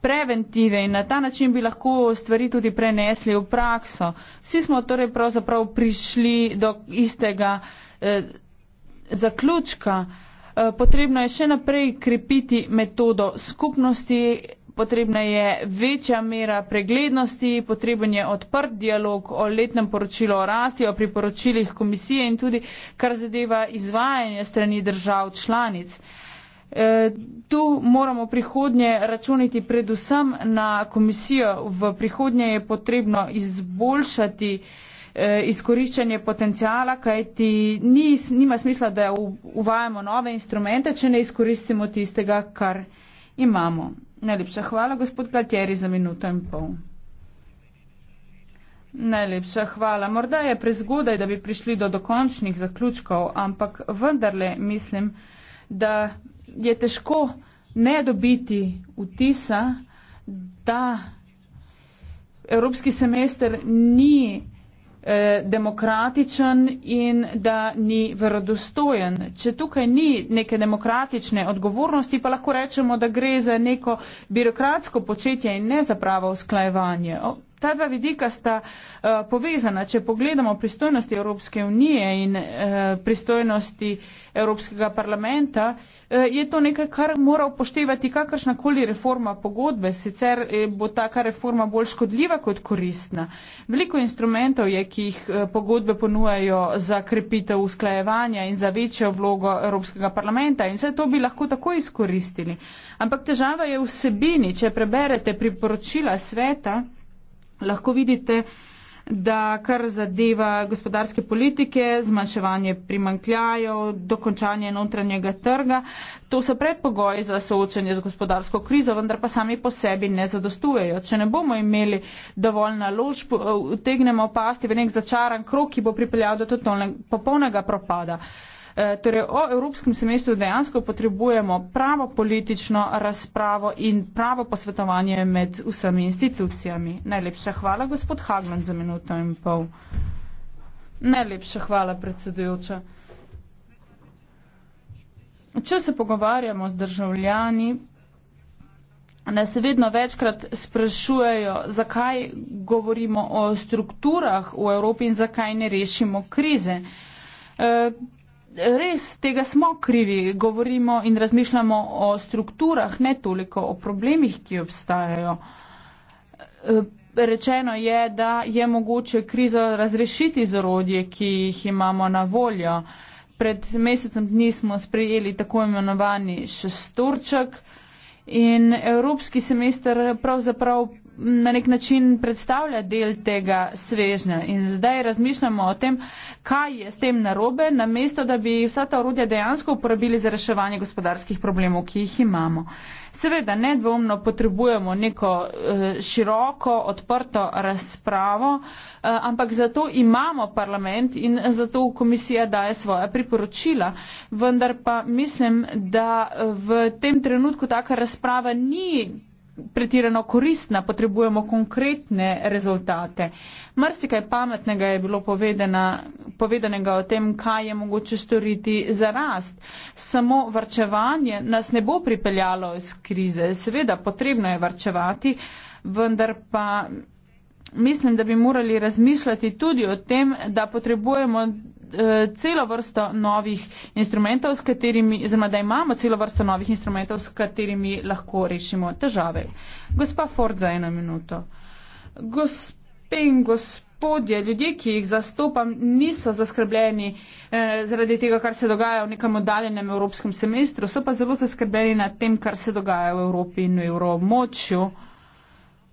preventive in na ta način bi lahko stvari tudi prenesli v prakso. Vsi smo torej pravzaprav prišli do istega eh, zaključka. Eh, Eh, potrebno je še naprej krepiti metodo skupnosti, potrebna je večja mera preglednosti, potreben je odprt dialog o letnem poročilu o rasti, o priporočilih komisije in tudi, kar zadeva izvajanje strani držav članic. Eh, tu moramo prihodnje računiti predvsem na komisijo. V prihodnje je potrebno izboljšati uh, Eh, izkoriščanje potencijala, kajti ni, nima smisla, da uvajamo nove instrumente, če ne izkoristimo tistega, kar imamo. Najlepša hvala, gospod Galtieri, za minuto in pol. Najlepša hvala. Morda je prezgodaj, da bi prišli do dokončnih zaključkov, ampak vendarle mislim, da je težko ne dobiti vtisa, da evropski semester ni. Eh, demokratičen in da ni verodostojen. Če tukaj ni neke demokratične odgovornosti, pa lahko rečemo, da gre za neko birokratsko početje in ne za pravo usklajevanje ta dva vidika sta uh, povezana. Če pogledamo pristojnosti Evropske unije in uh, pristojnosti Evropskega parlamenta, uh, je to nekaj, kar mora upoštevati kakršnakoli reforma pogodbe, sicer eh, bo taka reforma bolj škodljiva kot koristna. Veliko instrumentov je, ki jih uh, pogodbe ponujajo za krepitev usklajevanja in za večjo vlogo Evropskega parlamenta in vse to bi lahko tako izkoristili. Ampak težava je vsebini, če preberete priporočila sveta, lahko vidite, da kar zadeva gospodarske politike, zmanjševanje primankljajev, dokončanje notranjega trga, to so predpogoji za soočanje z gospodarsko krizo, vendar pa sami po sebi ne zadostujejo. Če ne bomo imeli dovolj nalož, utegnemo pasti v nek začaran krok, ki bo pripeljal do totalnega popolnega propada. Uh, Eh, torej, o evropskem semestru dejansko potrebujemo pravo politično razpravo in pravo posvetovanje med vsemi institucijami. Najlepša hvala, gospod Hagman, za minuto in pol. Najlepša hvala, predsedujoča. Če se pogovarjamo z državljani, nas vedno večkrat sprašujejo, zakaj govorimo o strukturah v Evropi in zakaj ne rešimo krize. Eh, res tega smo krivi, govorimo in razmišljamo o strukturah, ne toliko o problemih, ki obstajajo. E, rečeno je, da je mogoče krizo razrešiti z orodje, ki jih imamo na voljo. Pred mesecem dni smo sprejeli tako imenovani šestorček in evropski semester pravzaprav na nek način predstavlja del tega svežnja. In zdaj razmišljamo o tem, kaj je s tem narobe, namesto da bi vsa ta orodja dejansko uporabili za reševanje gospodarskih problemov, ki jih imamo. Seveda, nedvomno potrebujemo neko eh, široko, odprto razpravo, eh, ampak zato imamo parlament in zato komisija daje svoje priporočila. Vendar pa mislim, da v tem trenutku taka razprava ni pretirano koristna, potrebujemo konkretne rezultate. Mrsikaj pametnega je bilo povedena, povedanega o tem, kaj je mogoče storiti za rast. Samo varčevanje nas ne bo pripeljalo iz krize. Seveda, potrebno je varčevati, vendar pa mislim, da bi morali razmišljati tudi o tem, da potrebujemo eh, celo vrsto novih instrumentov, s katerimi, oziroma da imamo celo vrsto novih instrumentov, s katerimi lahko rešimo težave. Gospa Ford za eno minuto. Gospe in gospodje, ljudje, ki jih zastopam, niso zaskrbljeni eh, zaradi tega, kar se dogaja v nekem oddaljenem evropskem semestru, so pa zelo zaskrbljeni nad tem, kar se dogaja v Evropi in v evromočju. Eh,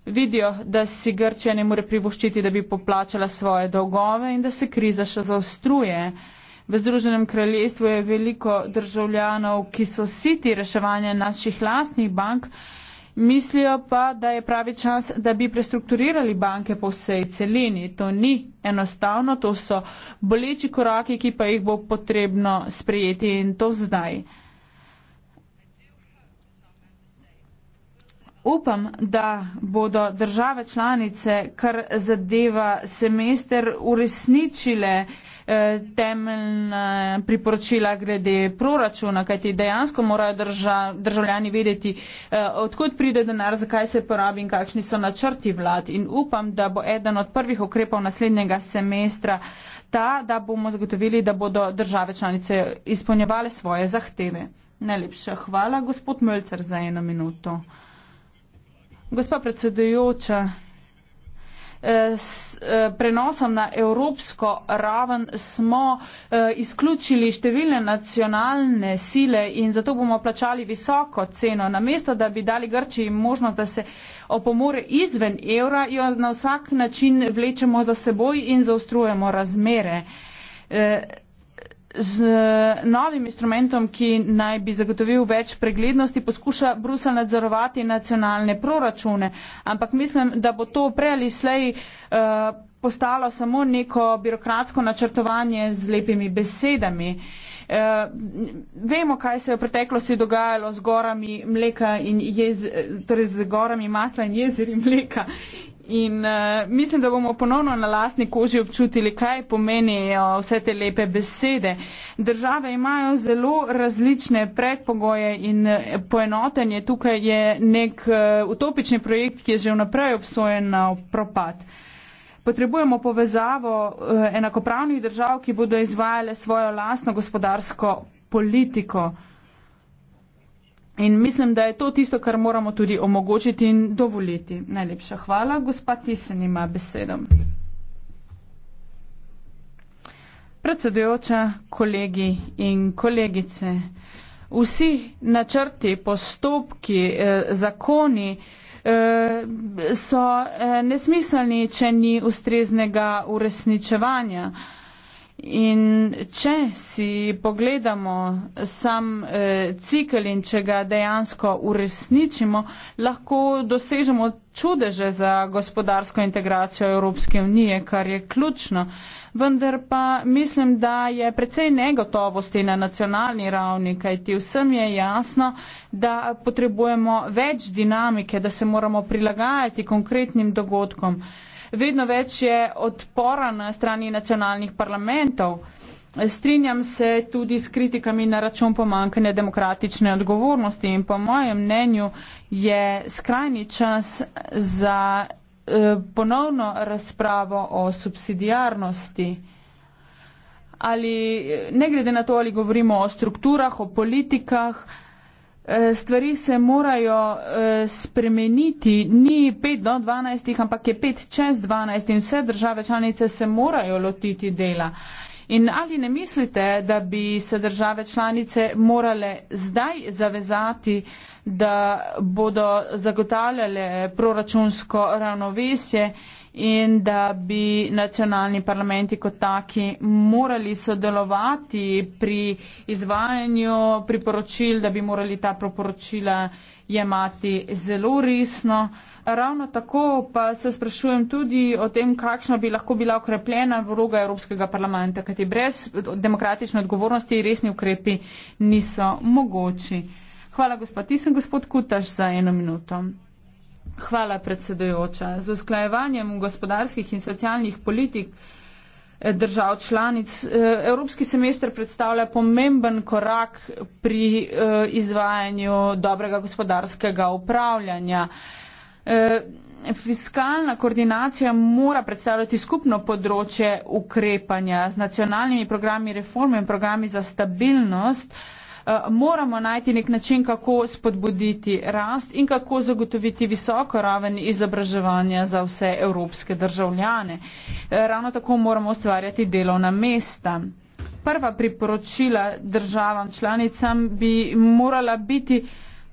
vidijo, da si Grčija ne more privoščiti, da bi poplačala svoje dolgove in da se kriza še zaostruje. V Združenem kraljestvu je veliko državljanov, ki so siti reševanja naših lastnih bank, mislijo pa, da je pravi čas, da bi prestrukturirali banke po vsej celini. To ni enostavno, to so boleči koraki, ki pa jih bo potrebno sprejeti in to zdaj. upam, da bodo države članice, kar zadeva semester, uresničile eh, temeljna priporočila glede proračuna, kajti dejansko morajo drža, državljani vedeti, eh, odkud pride denar, zakaj se porabi in kakšni so načrti vlad. In upam, da bo eden od prvih ukrepov naslednjega semestra ta, da bomo zagotovili, da bodo države članice izpolnjevale svoje zahteve. Najlepša hvala, gospod Mölcer, za eno minuto. Gospa predsedujoča, eh, s eh, prenosom na evropsko raven smo eh, izključili številne nacionalne sile in zato bomo plačali visoko ceno. Namesto, da bi dali Grčiji možnost, da se opomore izven evra, jo na vsak način vlečemo za seboj in zaostrujemo razmere. Z novim instrumentom, ki naj bi zagotovil več preglednosti, poskuša Brusel nadzorovati nacionalne proračune. Ampak mislim, da bo to prej ali slej uh, postalo samo neko birokratsko načrtovanje z lepimi besedami. Uh, vemo, kaj se je v preteklosti dogajalo z gorami, mleka in jez, torej z gorami masla in jezeri mleka. In uh, mislim, da bomo ponovno na lastni koži občutili, kaj pomenijo vse te lepe besede. Države imajo zelo različne predpogoje in eh, poenotenje tukaj je nek uh, utopični projekt, ki je že vnaprej obsojen na propad. Potrebujemo povezavo uh, enakopravnih držav, ki bodo izvajale svojo lastno gospodarsko politiko. In mislim, da je to tisto, kar moramo tudi omogočiti in dovoliti. Najlepša hvala. Gospa Tisen ima besedo. Predsedujoča, kolegi in kolegice, vsi načrti, postopki, eh, zakoni eh, so eh, nesmiselni, če ni ustreznega uresničevanja. In če si pogledamo sam eh, cikel in če ga dejansko uresničimo, lahko dosežemo čudeže za gospodarsko integracijo Evropske unije, kar je ključno. Vendar pa mislim, da je precej negotovosti na nacionalni ravni, kajti vsem je jasno, da potrebujemo več dinamike, da se moramo prilagajati konkretnim dogodkom. Eh, vedno več je odpora na strani nacionalnih parlamentov. Strinjam se tudi s kritikami na račun pomankanja demokratične odgovornosti in po mojem mnenju je skrajni čas za eh, ponovno razpravo o subsidijarnosti. Ali eh, ne glede na to, ali govorimo o strukturah, o politikah, Eh, stvari se morajo eh, spremeniti, ni 5 do 12, ampak je 5 čez 12 in vse države članice se morajo lotiti dela. In ali ne mislite, da bi se države članice morale zdaj zavezati, da bodo zagotavljale proračunsko ravnovesje? in da bi nacionalni parlamenti kot taki morali sodelovati pri izvajanju priporočil, da bi morali ta priporočila jemati zelo resno. Ravno tako pa se sprašujem tudi o tem, kakšna bi lahko bila okrepljena vloga Evropskega parlamenta, kajti brez demokratične odgovornosti resni ukrepi niso mogoči. Hvala gospod Tisen, gospod Kutaš za eno minuto. Hvala, predsedujoča. Z usklajevanjem gospodarskih in socialnih politik eh, držav članic eh, Evropski semester predstavlja pomemben korak pri eh, izvajanju dobrega gospodarskega upravljanja. Fiskalna koordinacija mora predstavljati skupno področje ukrepanja z nacionalnimi programi reform in programi za stabilnost, Eh, moramo najti nek način, kako spodbuditi rast in kako zagotoviti visoko raven izobraževanja za vse evropske državljane. Eh, ravno tako moramo ustvarjati delovna mesta. Prva priporočila državam članicam bi morala biti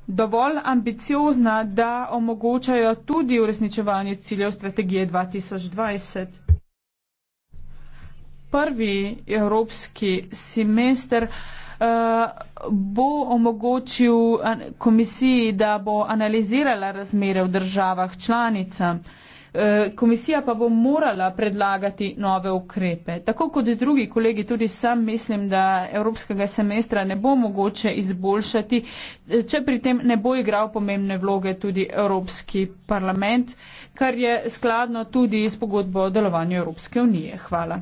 dovolj ambiciozna, da omogočajo tudi uresničevanje ciljev strategije 2020. Prvi evropski semester Eh, bo omogočil komisiji, da bo analizirala razmere v državah članica. Eh, komisija pa bo morala predlagati nove ukrepe. Tako kot drugi kolegi, tudi sam mislim, da evropskega semestra ne bo mogoče izboljšati, eh, če pri tem ne bo igral pomembne vloge tudi Evropski parlament, kar je skladno tudi s pogodbo o delovanju Evropske unije. Hvala.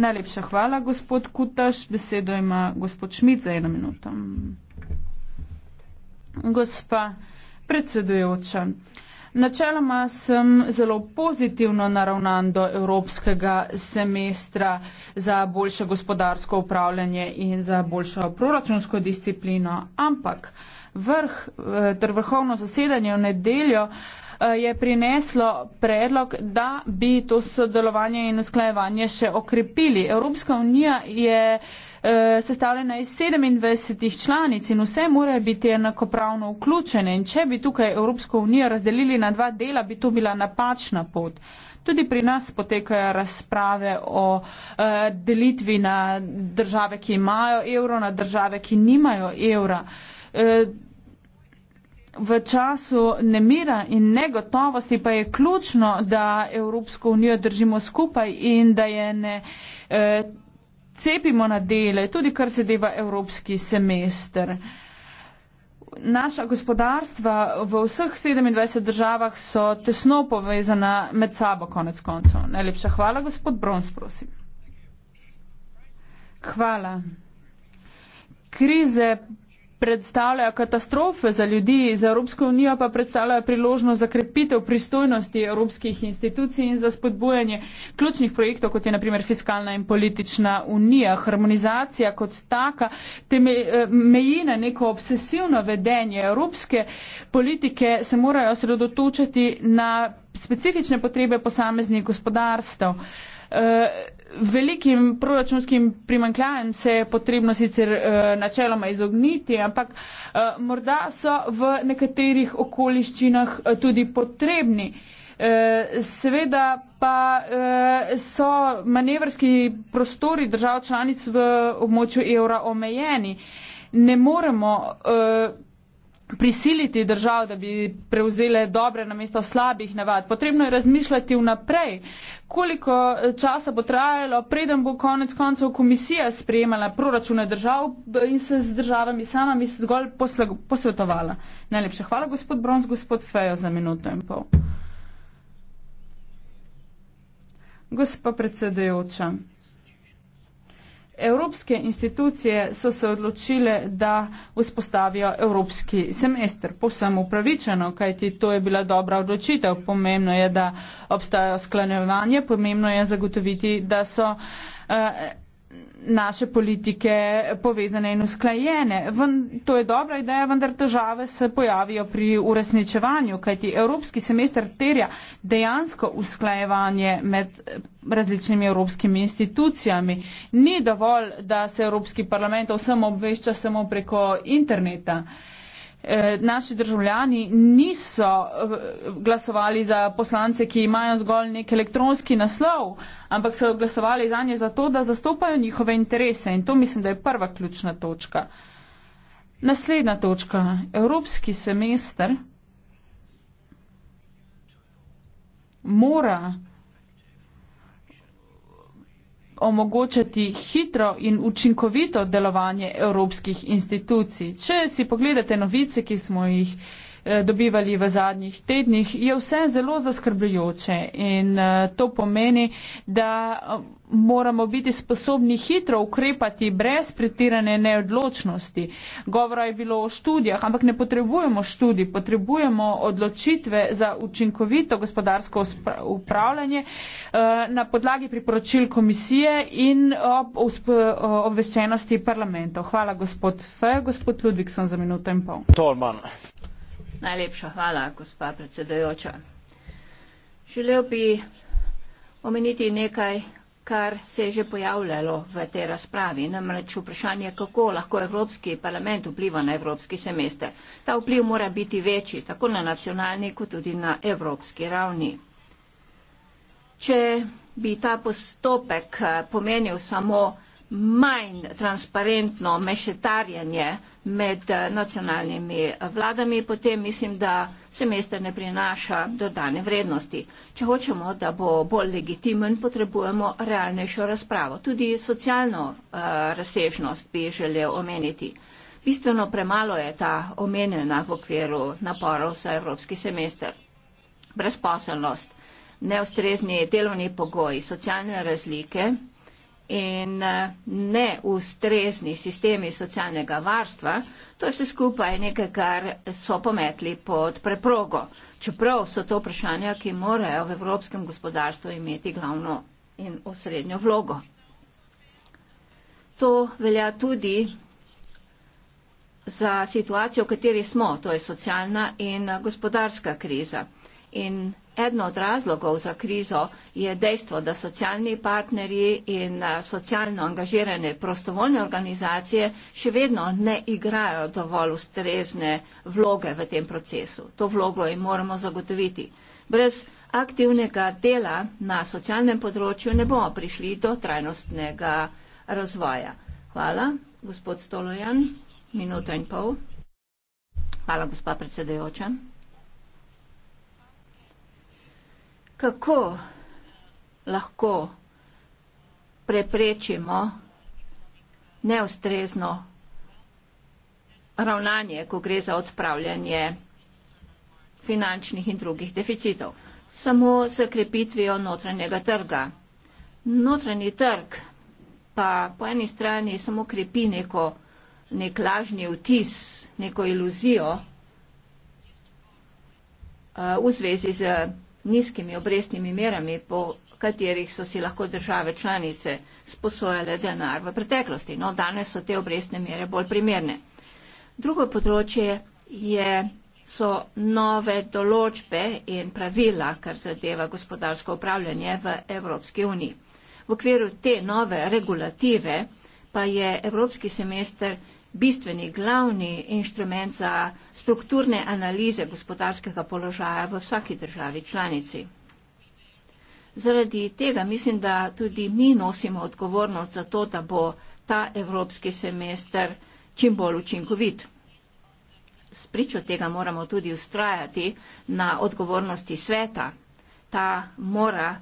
Najlepša hvala, gospod Kutaš. Besedo ima gospod Šmit za eno minuto. Gospa predsedujoča, načeloma sem zelo pozitivno naravnan do evropskega semestra za boljše gospodarsko upravljanje in za boljšo proračunsko disciplino, ampak vrh eh, ter vrhovno zasedanje v nedeljo eh, Eh, je prineslo predlog, da bi to sodelovanje in usklajevanje še okrepili. Evropska unija je eh, sestavljena iz 27 članic in vse morajo biti enakopravno vključene. In če bi tukaj Evropsko unijo razdelili na dva dela, bi to bila napačna pot. Tudi pri nas potekajo razprave o eh, delitvi na države, ki imajo evro, na države, ki nimajo evra v času nemira in negotovosti pa je ključno, da Evropsko unijo držimo skupaj in da je ne eh, cepimo na dele, tudi kar se deva evropski semester. Naša gospodarstva v vseh 27 državah so tesno povezana med sabo konec koncev. Najlepša hvala, gospod Brons, prosim. Hvala. Krize predstavljajo katastrofe za ljudi, za Evropsko unijo pa predstavljajo priložnost za krepitev pristojnosti evropskih institucij in za spodbujanje ključnih projektov, kot je naprimer fiskalna in politična unija. Harmonizacija kot taka te eh, meji na neko obsesivno vedenje. Evropske politike se morajo osredotočiti na specifične potrebe posameznih gospodarstv. Eh, velikim proračunskim primankljajem se je potrebno sicer eh, načeloma izogniti, ampak eh, morda so v nekaterih okoliščinah tudi potrebni. Seveda pa so manevrski prostori držav članic v območju evra omejeni. Ne moremo prisiliti držav, da bi prevzele dobre namesto slabih navad. Potrebno je razmišljati vnaprej, koliko eh, časa bo trajalo, preden bo konec koncev komisija sprejemala proračune držav in se z državami samami zgolj posvetovala. Najlepše hvala, gospod Bronz, gospod Fejo, za minuto in pol. Gospa predsedajoča. Evropske institucije so se odločile, da vzpostavijo evropski semester. Povsem upravičeno, kajti to je bila dobra odločitev. Pomembno je, da obstajajo sklanjevanje, pomembno je zagotoviti, da so. Uh, naše politike povezane in usklajene. To je dobra ideja, vendar težave se pojavijo pri uresničevanju, kajti evropski semester terja dejansko usklajevanje med eh, različnimi evropskimi institucijami. Ni dovolj, da se Evropski parlament o vsem obvešča samo preko interneta. Uh, Eh, naši državljani niso eh, glasovali za poslance, ki imajo zgolj nek elektronski naslov, ampak so glasovali za nje zato, da zastopajo njihove interese. In to mislim, da je prva ključna točka. Naslednja točka. Evropski semester mora omogočati hitro in učinkovito delovanje evropskih institucij. Če si pogledate novice, ki smo jih Eh, dobivali v zadnjih tednih, je vse zelo zaskrbljujoče in eh, to pomeni, da eh, moramo biti sposobni hitro ukrepati brez pretirane neodločnosti. Govora je bilo o študijah, ampak ne potrebujemo študij, potrebujemo odločitve za učinkovito gospodarsko upravljanje na podlagi priporočil komisije in ob obveščenosti parlamentov. Hvala gospod Fe, gospod Ludvikson za minuto in pol. Tolman. Najlepša hvala, gospa predsedajoča. Želel bi omeniti nekaj, kar se je že pojavljalo v tej razpravi, namreč vprašanje, kako lahko Evropski parlament vpliva na Evropski semester. Ta vpliv mora biti večji, tako na nacionalni, kot tudi na evropski ravni. Če bi ta postopek eh, pomenil samo manj transparentno mešetarjanje med eh, nacionalnimi vladami, potem mislim, da semester ne prinaša dodane vrednosti. Če hočemo, da bo bolj legitimen, potrebujemo realnejšo razpravo. Tudi socialno uh, razsežnost bi želel omeniti. Bistveno premalo je ta omenjena v okviru naporov za evropski semester. Brezposelnost, neustrezni delovni pogoji, socialne razlike in eh, neustrezni sistemi socialnega varstva, to je vse skupaj nekaj, kar so pometli pod preprogo. Čeprav so to vprašanja, ki morajo v evropskem gospodarstvu imeti glavno in osrednjo vlogo. To velja tudi za situacijo, v kateri smo, to je socialna in eh, gospodarska kriza. In eden od razlogov za krizo je dejstvo, da socialni partnerji in eh, socialno angažirane prostovoljne organizacije še vedno ne igrajo dovolj ustrezne vloge v tem procesu. To vlogo jim moramo zagotoviti. Brez aktivnega dela na socialnem področju ne bomo prišli do trajnostnega razvoja. Hvala, gospod Stolojan. Minuto in pol. Hvala, gospa predsedajoča. kako lahko preprečimo neustrezno ravnanje, ko gre za odpravljanje finančnih in drugih deficitov. Samo s krepitvijo notranjega trga. Notranji trg pa po eni strani samo krepi neko, nek lažni vtis, neko iluzijo uh, v zvezi z nizkimi obrestnimi merami, po katerih so si lahko države članice sposojale denar v preteklosti. No, danes so te obrestne mere bolj primerne. Drugo področje je, so nove določbe in pravila, kar zadeva gospodarsko upravljanje v Evropski uniji. V okviru te nove regulative pa je Evropski semester bistveni, glavni inštrument za strukturne analize gospodarskega položaja v vsaki državi članici. Zaradi tega mislim, da tudi mi nosimo odgovornost za to, da bo ta evropski semester čim bolj učinkovit. Spričo tega moramo tudi ustrajati na odgovornosti sveta. Ta mora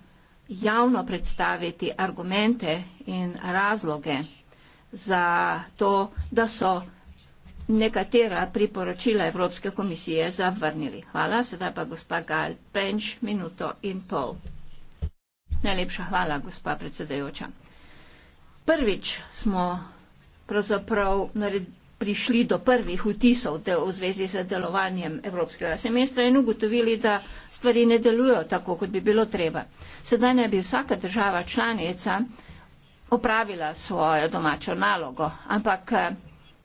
javno predstaviti argumente in razloge za to, da so nekatera priporočila Evropske komisije zavrnili. Hvala, sedaj pa gospa Gal Penč, minuto in pol. Najlepša hvala, gospa predsedajoča. Prvič smo pravzaprav prišli do prvih vtisov v zvezi z delovanjem Evropskega semestra in ugotovili, da stvari ne delujo tako, kot bi bilo treba. Sedaj ne bi vsaka država članica opravila svojo domačo nalogo. Ampak eh,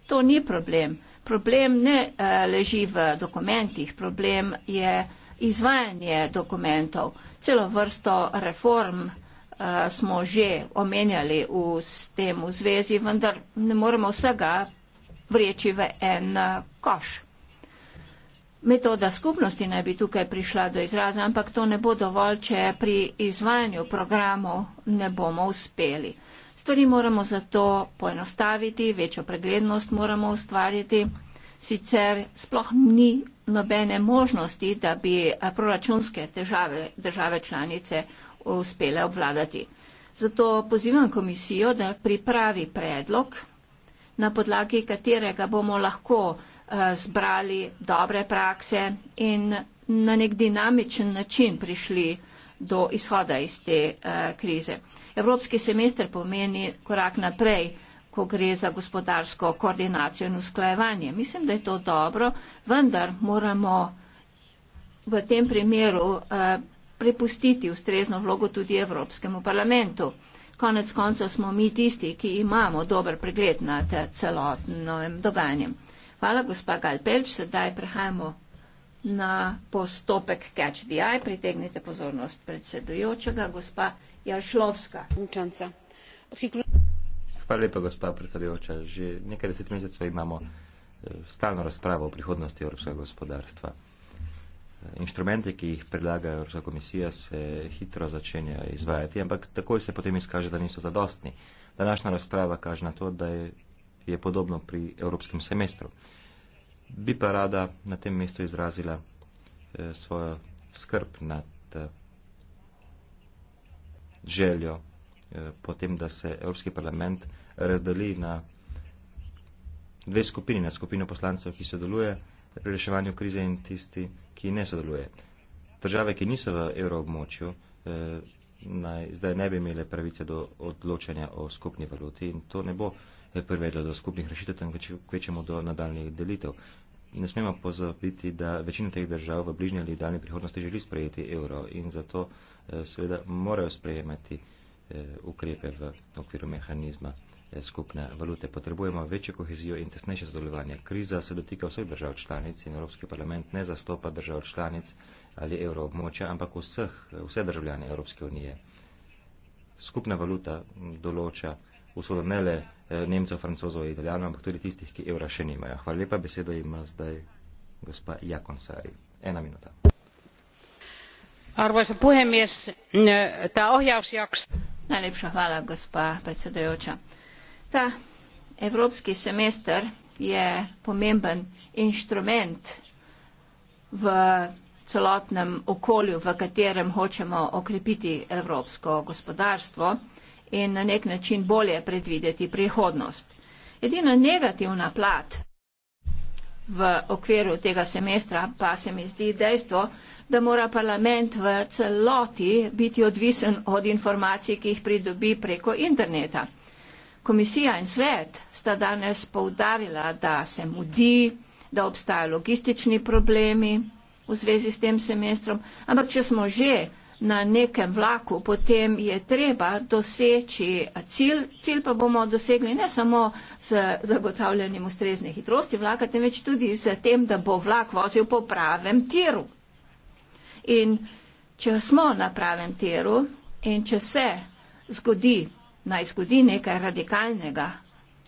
to ni problem. Problem ne eh, leži v dokumentih, problem je izvajanje dokumentov. Celo vrsto reform eh, smo že omenjali v tem v zvezi, vendar ne moremo vsega vreči v en koš. Metoda skupnosti naj bi tukaj prišla do izraza, ampak to ne bo dovolj, če pri izvajanju programov ne bomo uspeli. Stvari moramo zato poenostaviti, večjo preglednost moramo ustvariti. Sicer sploh ni nobene možnosti, da bi eh, proračunske težave države članice uspele obvladati. Zato pozivam komisijo, da pripravi predlog, na podlagi katerega bomo lahko eh, zbrali dobre prakse in na nek dinamičen način prišli do izhoda iz te eh, krize. Evropski semester pomeni korak naprej, ko gre za gospodarsko koordinacijo in usklajevanje. Mislim, da je to dobro, vendar moramo v tem primeru eh, prepustiti ustrezno vlogo tudi Evropskemu parlamentu. Konec konca smo mi tisti, ki imamo dober pregled nad eh, celotnim dogajanjem. Hvala, gospa Galpelč. Sedaj prehajamo na postopek catch the eye. Pritegnite pozornost predsedujočega, gospa gospa predsedujoča. Že nekaj deset mesecev imamo eh, stalno razpravo o prihodnosti evropskega gospodarstva. Eh, inštrumente, ki jih predlaga Evropska komisija, se hitro začenjajo izvajati, ampak takoj se potem izkaže, da niso zadostni. Današnja razprava kaže na to, da je, je podobno pri evropskem semestru. Bi pa rada na tem mestu izrazila eh, svojo skrb nad željo eh, potem, da se Evropski parlament razdeli na dve skupini, na skupino poslancev, ki sodeluje pri reševanju krize in tisti, ki ne sodeluje. Države, ki niso v evroobmočju, eh, naj, zdaj ne bi imele pravice do odločanja o skupni valuti in to ne bo eh, privedlo do skupnih rešitev, temveč kvečemo do nadaljnih delitev ne smemo pozabiti, da večina teh držav v bližnji ali daljni prihodnosti želi sprejeti evro in zato eh, seveda morajo sprejemati eh, ukrepe v okviru mehanizma eh, skupne valute. Potrebujemo večjo kohezijo in tesnejše sodelovanje. Kriza se dotika vseh držav članic in Evropski parlament ne zastopa držav članic ali evroobmočja, ampak vseh, vse državljane Evropske unije. Skupna valuta določa usodo ne le eh, Nemcev, Francozov, Italijanov, ampak tudi tistih, ki evra še nimajo. Hvala lepa, besedo ima zdaj gospa Jakonsari. Ena minuta. Arvoisa puhemies, ta ohjausjaks... Najlepša hvala, gospa predsedajoča. Ta evropski semester je pomemben inštrument v celotnem okolju, v katerem hočemo okrepiti evropsko gospodarstvo in na nek način bolje predvideti prihodnost. Edina negativna plat v okviru tega semestra pa se mi zdi dejstvo, da mora parlament v celoti biti odvisen od informacij, ki jih pridobi preko interneta. Komisija in svet sta danes poudarila, da se mudi, da obstajajo logistični problemi v zvezi s tem semestrom, ampak če smo že na nekem vlaku, potem je treba doseči cilj. Cilj pa bomo dosegli ne samo z zagotavljanjem ustrezne hitrosti vlaka, temveč tudi z tem, da bo vlak vozil po pravem tiru. In če smo na pravem tiru in če se zgodi, naj zgodi nekaj radikalnega,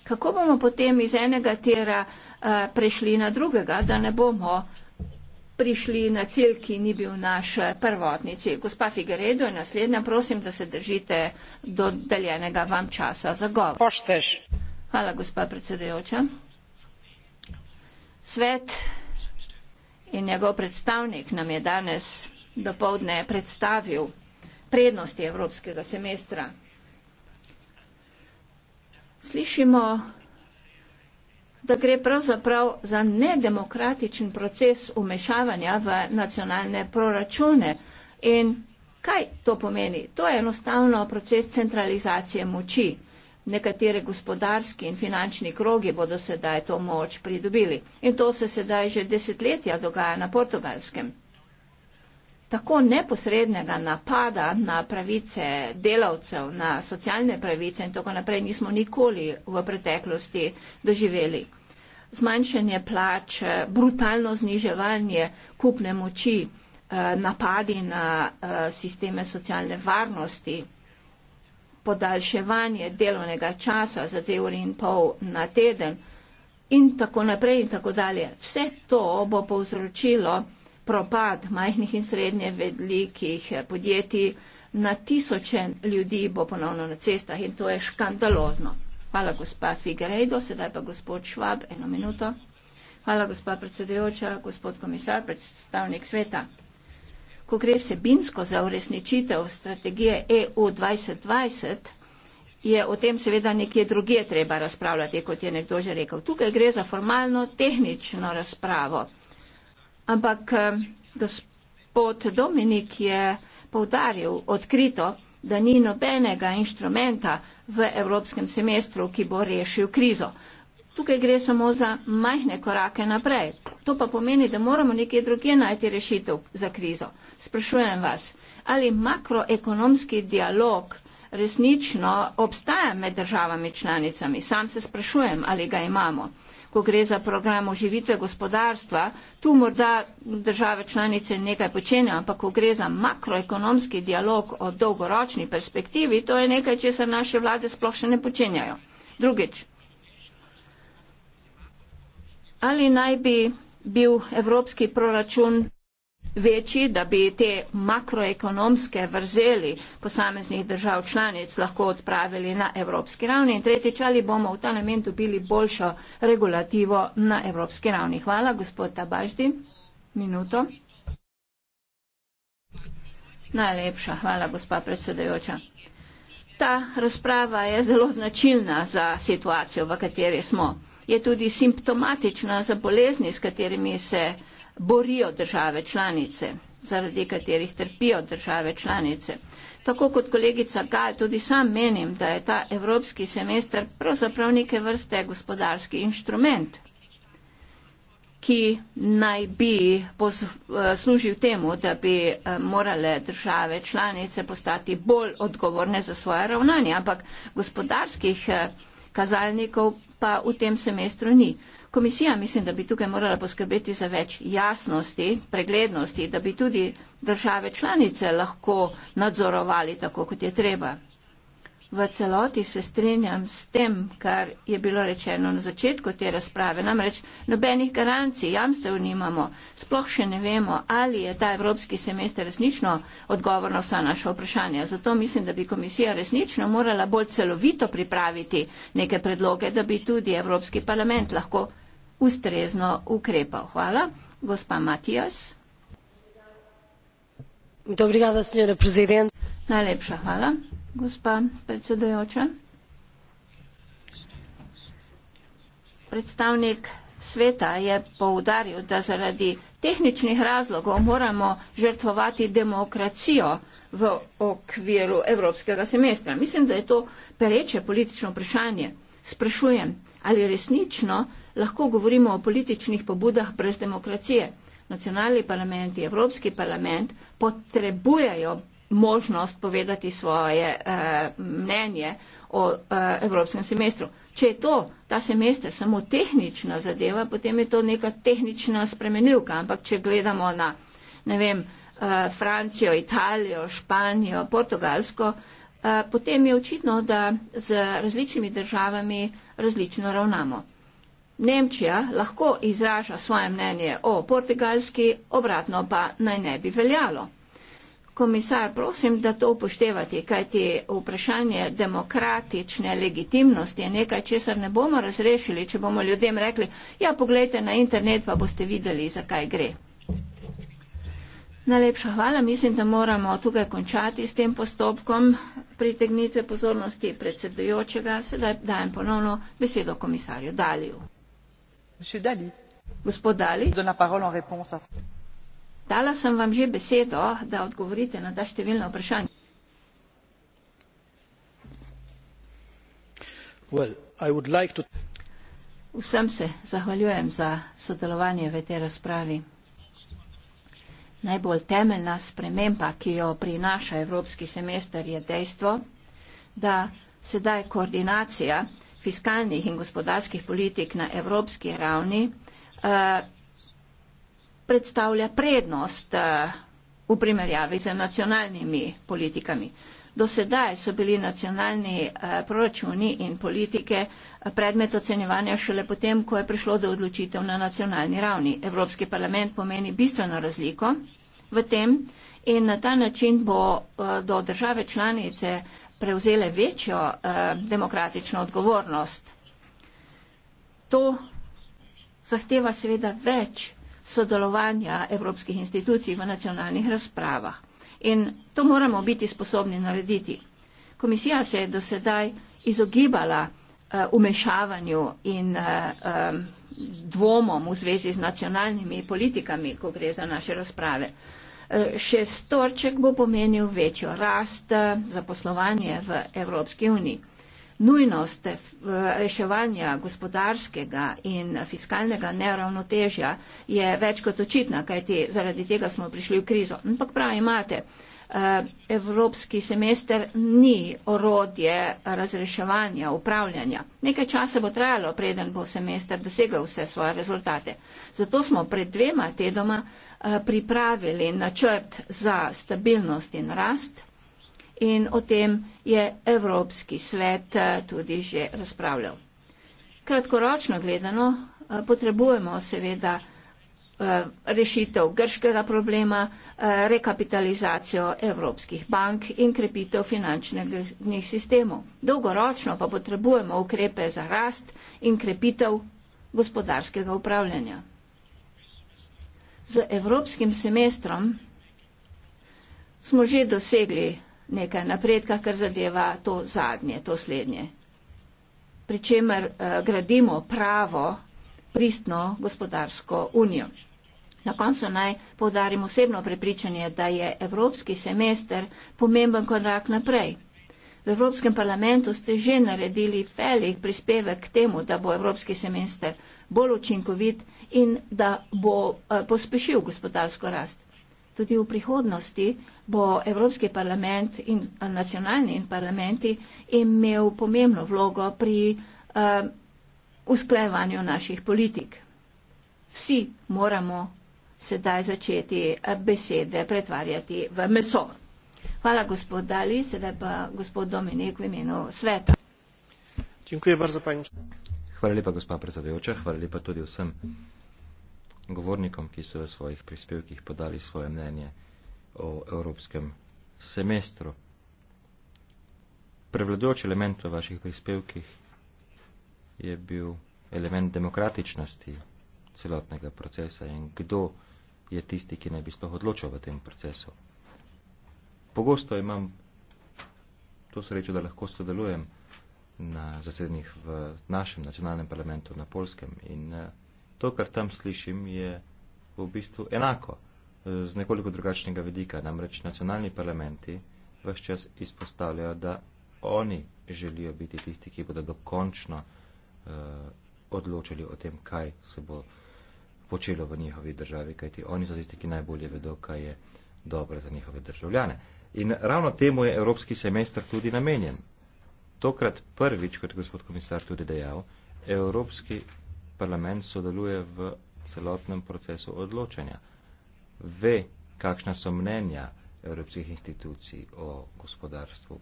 kako bomo potem iz enega tira uh, prešli na drugega, da ne bomo uh, prišli na cilj, ki ni bil naš prvotni cilj. Gospa Figueredo, naslednja, prosim, da se držite dodeljenega vam časa za govor. Pošteš. Hvala, gospa predsedajoča. Svet in njegov predstavnik nam je danes dopovdne predstavil prednosti evropskega semestra. Slišimo da gre pravzaprav za nedemokratičen proces umešavanja v nacionalne proračune. In kaj to pomeni? To je enostavno proces centralizacije moči. Nekateri gospodarski in finančni krogi bodo sedaj to moč pridobili. In to se sedaj že desetletja dogaja na portugalskem tako neposrednega napada na pravice delavcev, na socialne pravice in tako naprej nismo nikoli v preteklosti doživeli. Zmanjšanje plač, brutalno zniževanje kupne moči, eh, napadi na eh, sisteme socialne varnosti, podaljševanje delovnega časa za dve uri in pol na teden in tako naprej in tako dalje. Vse to bo povzročilo propad majhnih in srednje velikih eh, podjetij, na tisoče ljudi bo ponovno na cestah in to je škandalozno. Hvala gospa Figueiredo, sedaj pa gospod Švab, eno minuto. Hvala gospa predsedujoča, gospod komisar, predstavnik sveta. Ko gre sebinsko za uresničitev strategije EU 2020, je o tem seveda nekje druge treba razpravljati, kot je nekdo že rekel. Tukaj gre za formalno tehnično razpravo. Ampak eh, gospod Dominik je povdaril odkrito, da ni nobenega inštrumenta v evropskem semestru, ki bo rešil krizo. Tukaj gre samo za majhne korake naprej. To pa pomeni, da moramo nekje druge najti rešitev za krizo. Sprašujem vas, ali makroekonomski dialog resnično obstaja med državami članicami? Sam se sprašujem, ali ga imamo ko gre za program oživitve gospodarstva, tu morda države članice nekaj počenjajo, ampak ko gre za makroekonomski dialog o dolgoročni perspektivi, to je nekaj, če se naše vlade sploh še ne počenjajo. Drugič, ali naj bi bil evropski proračun večji, da bi te makroekonomske vrzeli posameznih držav članic lahko odpravili na evropski ravni. In tretjič, ali bomo v ta namen dobili boljšo regulativo na evropski ravni. Hvala, gospod Tabaždi. Minuto. Najlepša hvala, gospa predsedajoča. Ta razprava je zelo značilna za situacijo, v kateri smo. Je tudi simptomatična za bolezni, s katerimi se borijo države članice, zaradi katerih trpijo države članice. Tako kot kolegica Gal, tudi sam menim, da je ta evropski semester pravzaprav neke vrste gospodarski inštrument, ki naj bi eh, služil temu, da bi eh, morale države članice postati bolj odgovorne za svoje ravnanje, ampak gospodarskih eh, kazalnikov pa v tem semestru ni. Komisija mislim, da bi tukaj morala poskrbeti za več jasnosti, preglednosti, da bi tudi države članice lahko nadzorovali tako, kot je treba. V celoti se strinjam s tem, kar je bilo rečeno na začetku te razprave. Namreč nobenih garancij, jamstev nimamo, sploh še ne vemo, ali je ta evropski semester resnično odgovor na vsa naša vprašanja. Zato mislim, da bi komisija resnično morala bolj celovito pripraviti neke predloge, da bi tudi Evropski parlament lahko ustrezno ukrepal. Hvala. Gospa Matijas. Dobrigada, senjora prezident. Najlepša hvala, gospa predsedojoča. Predstavnik sveta je poudaril, da zaradi tehničnih razlogov moramo žrtvovati demokracijo v okviru evropskega semestra. Mislim, da je to pereče politično vprašanje. Sprašujem, ali resnično lahko govorimo o političnih pobudah brez demokracije. Nacionalni parlament in Evropski parlament potrebujejo možnost povedati svoje e, mnenje o e, evropskem semestru. Če je to, ta semester, samo tehnična zadeva, potem je to neka tehnična spremenilka, ampak če gledamo na, ne vem, e, Francijo, Italijo, Španijo, Portugalsko, e, potem je očitno, da z različnimi državami različno ravnamo. Nemčija lahko izraža svoje mnenje o portugalski, obratno pa naj ne bi veljalo. Komisar, prosim, da to upoštevate, kajti vprašanje demokratične legitimnosti je nekaj, česar ne bomo razrešili, če bomo ljudem rekli, ja, pogledajte na internet, pa boste videli, zakaj gre. Najlepša hvala. Mislim, da moramo tukaj končati s tem postopkom pritegnitve pozornosti predsedujočega. Sedaj dajem ponovno besedo komisarju Daliju. Gospod Dali, dala sem vam že besedo, da odgovorite na ta številna vprašanja. Well, like to... Vsem se zahvaljujem za sodelovanje v tej razpravi. Najbolj temeljna sprememba, ki jo prinaša Evropski semester, je dejstvo, da sedaj koordinacija fiskalnih in gospodarskih politik na evropski ravni eh, predstavlja prednost eh, v primerjavi z nacionalnimi politikami. Do sedaj so bili nacionalni eh, proračuni in politike predmet ocenjevanja šele potem, ko je prišlo do odločitev na nacionalni ravni. Evropski parlament pomeni bistveno razliko v tem in na ta način bo do države članice prevzele večjo eh, demokratično odgovornost. To zahteva seveda več sodelovanja evropskih institucij v nacionalnih razpravah. In to moramo biti sposobni narediti. Komisija se je do sedaj izogibala eh, umešavanju in eh, eh, dvomom v zvezi z nacionalnimi politikami, ko gre za naše razprave. Eh, še storček bo pomenil večjo rast eh, za poslovanje v Evropski uniji. Nujnost eh, reševanja gospodarskega in fiskalnega neravnotežja je več kot očitna, kajti zaradi tega smo prišli v krizo. Ampak prav imate, eh, evropski semester ni orodje razreševanja, upravljanja. Nekaj časa bo trajalo, preden bo semester dosegal vse svoje rezultate. Zato smo pred dvema tedoma Eh, pripravili načrt za stabilnost in rast in o tem je Evropski svet eh, tudi že razpravljal. Kratkoročno gledano eh, potrebujemo seveda rešitev grškega problema, rekapitalizacijo evropskih bank in krepitev finančnih sistemov. Dolgoročno pa potrebujemo ukrepe za rast in krepitev gospodarskega upravljanja z evropskim semestrom smo že dosegli nekaj napredka, kar zadeva to zadnje, to slednje. Pričemer eh, gradimo pravo, pristno gospodarsko unijo. Na koncu naj povdarim osebno prepričanje, da je evropski semester pomemben korak naprej. V Evropskem parlamentu ste že naredili velik prispevek k temu, da bo evropski semester bolj učinkovit in da bo eh, pospešil gospodarsko rast. Tudi v prihodnosti bo Evropski parlament in eh, nacionalni in parlamenti imel pomembno vlogo pri eh, usklajevanju naših politik. Vsi moramo sedaj začeti besede pretvarjati v meso. Hvala gospod Dali, sedaj pa gospod Dominik v imenu sveta. Hvala lepa gospa predsedujoča, hvala lepa tudi vsem govornikom, ki so v svojih prispevkih podali svoje mnenje o evropskem semestru. Prevladujoč element v vaših prispevkih je bil element demokratičnosti celotnega procesa in kdo je tisti, ki naj bi sploh odločal v tem procesu pogosto imam to srečo, da lahko sodelujem na zasednjih v našem nacionalnem parlamentu na Polskem in eh, to, kar tam slišim, je v bistvu enako eh, z nekoliko drugačnega vedika. Namreč nacionalni parlamenti vse čas izpostavljajo, da oni želijo biti tisti, ki bodo dokončno eh, odločili o tem, kaj se bo počelo v njihovi državi, kajti oni so tisti, ki najbolje vedo, kaj je dobro za njihove državljane. Eh, In ravno temu je evropski semester tudi namenjen. Tokrat prvič, kot je gospod komisar tudi dejal, Evropski parlament sodeluje v celotnem procesu odločanja. Ve, kakšna so mnenja evropskih institucij o gospodarstvu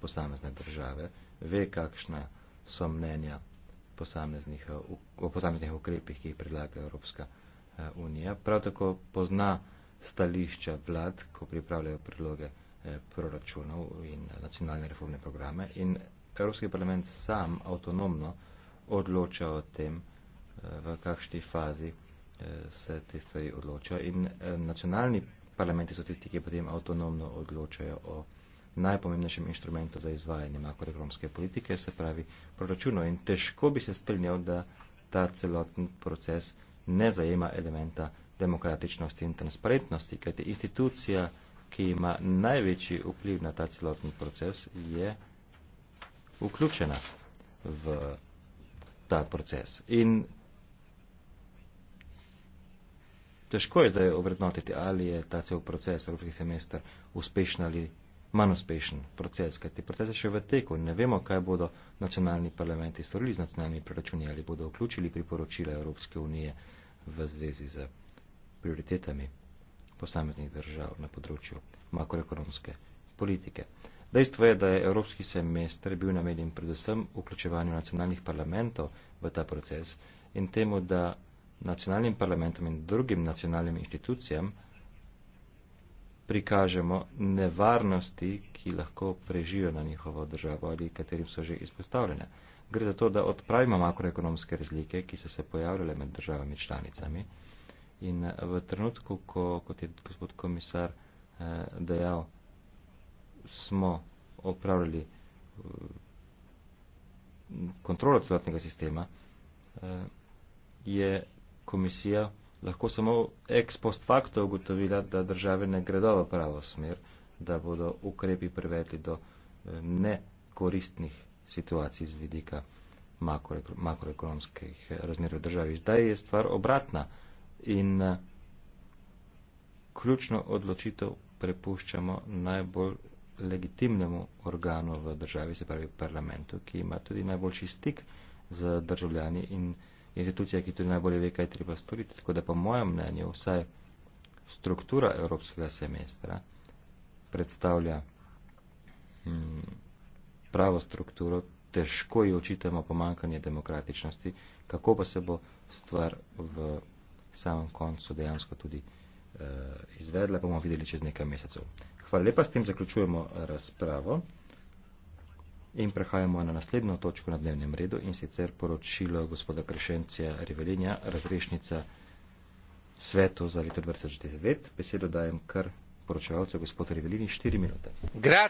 posamezne države, ve, kakšna so mnenja posameznih, o posameznih ukrepih, ki jih predlaga Evropska eh, unija. Prav tako pozna stališča vlad, ko pripravljajo predloge eh, proračunov in nacionalne reformne programe. In Evropski parlament sam avtonomno odloča o tem, eh, v kakšni fazi eh, se te stvari odločajo. In nacionalni parlamenti so tisti, ki potem avtonomno odločajo o najpomembnejšem inštrumentu za izvajanje makroekonomske politike, se pravi proračuno. In težko bi se strnil, da ta celoten proces ne zajema elementa demokratičnosti in transparentnosti, kajti institucija, ki ima največji vpliv na ta celoten proces, je vključena v ta proces. In težko je zdaj ovrednotiti, ali je ta cel proces, evropski semester, uspešen ali manj uspešen proces, kajti proces je še v teku in ne vemo, kaj bodo nacionalni parlamenti storili z nacionalnimi preračuni ali bodo vključili priporočila Evropske unije v zvezi z prioritetami posameznih držav na področju makroekonomske politike. Dejstvo je, da je evropski semester bil namenjen predvsem vključevanju nacionalnih parlamentov v ta proces in temu, da nacionalnim parlamentom in drugim nacionalnim inštitucijam prikažemo nevarnosti, ki lahko prežijo na njihovo državo ali katerim so že izpostavljene. Gre za to, da odpravimo makroekonomske razlike, ki so se pojavljale med državami članicami, In eh, v trenutku, ko, kot je gospod komisar eh, dejal, smo opravljali eh, kontrolo celotnega sistema, eh, je komisija lahko samo ex post facto ugotovila, da države ne gredo v pravo smer, da bodo ukrepi privedli do eh, nekoristnih situacij z vidika makroekonomskih makro eh, razmer v državi. Zdaj je stvar obratna in eh, ključno odločitev prepuščamo najbolj legitimnemu organu v državi, se pravi parlamentu, ki ima tudi najboljši stik z državljani in institucija, ki tudi najbolje ve, kaj treba storiti. Tako da po mojem mnenju vsaj struktura evropskega semestra predstavlja hm, pravo strukturo, težko ji očitamo pomankanje demokratičnosti, kako pa se bo stvar v samem koncu dejansko tudi eh, izvedla, bomo videli čez nekaj mesecev. Hvala lepa, s tem zaključujemo razpravo in prehajamo na naslednjo točko na dnevnem redu in sicer poročilo gospoda Krešencija Rivelinja, razrešnica svetu za leto 2009. Besedo dajem kar poročevalcu, gospod Rivelini, 4 minute. Grat.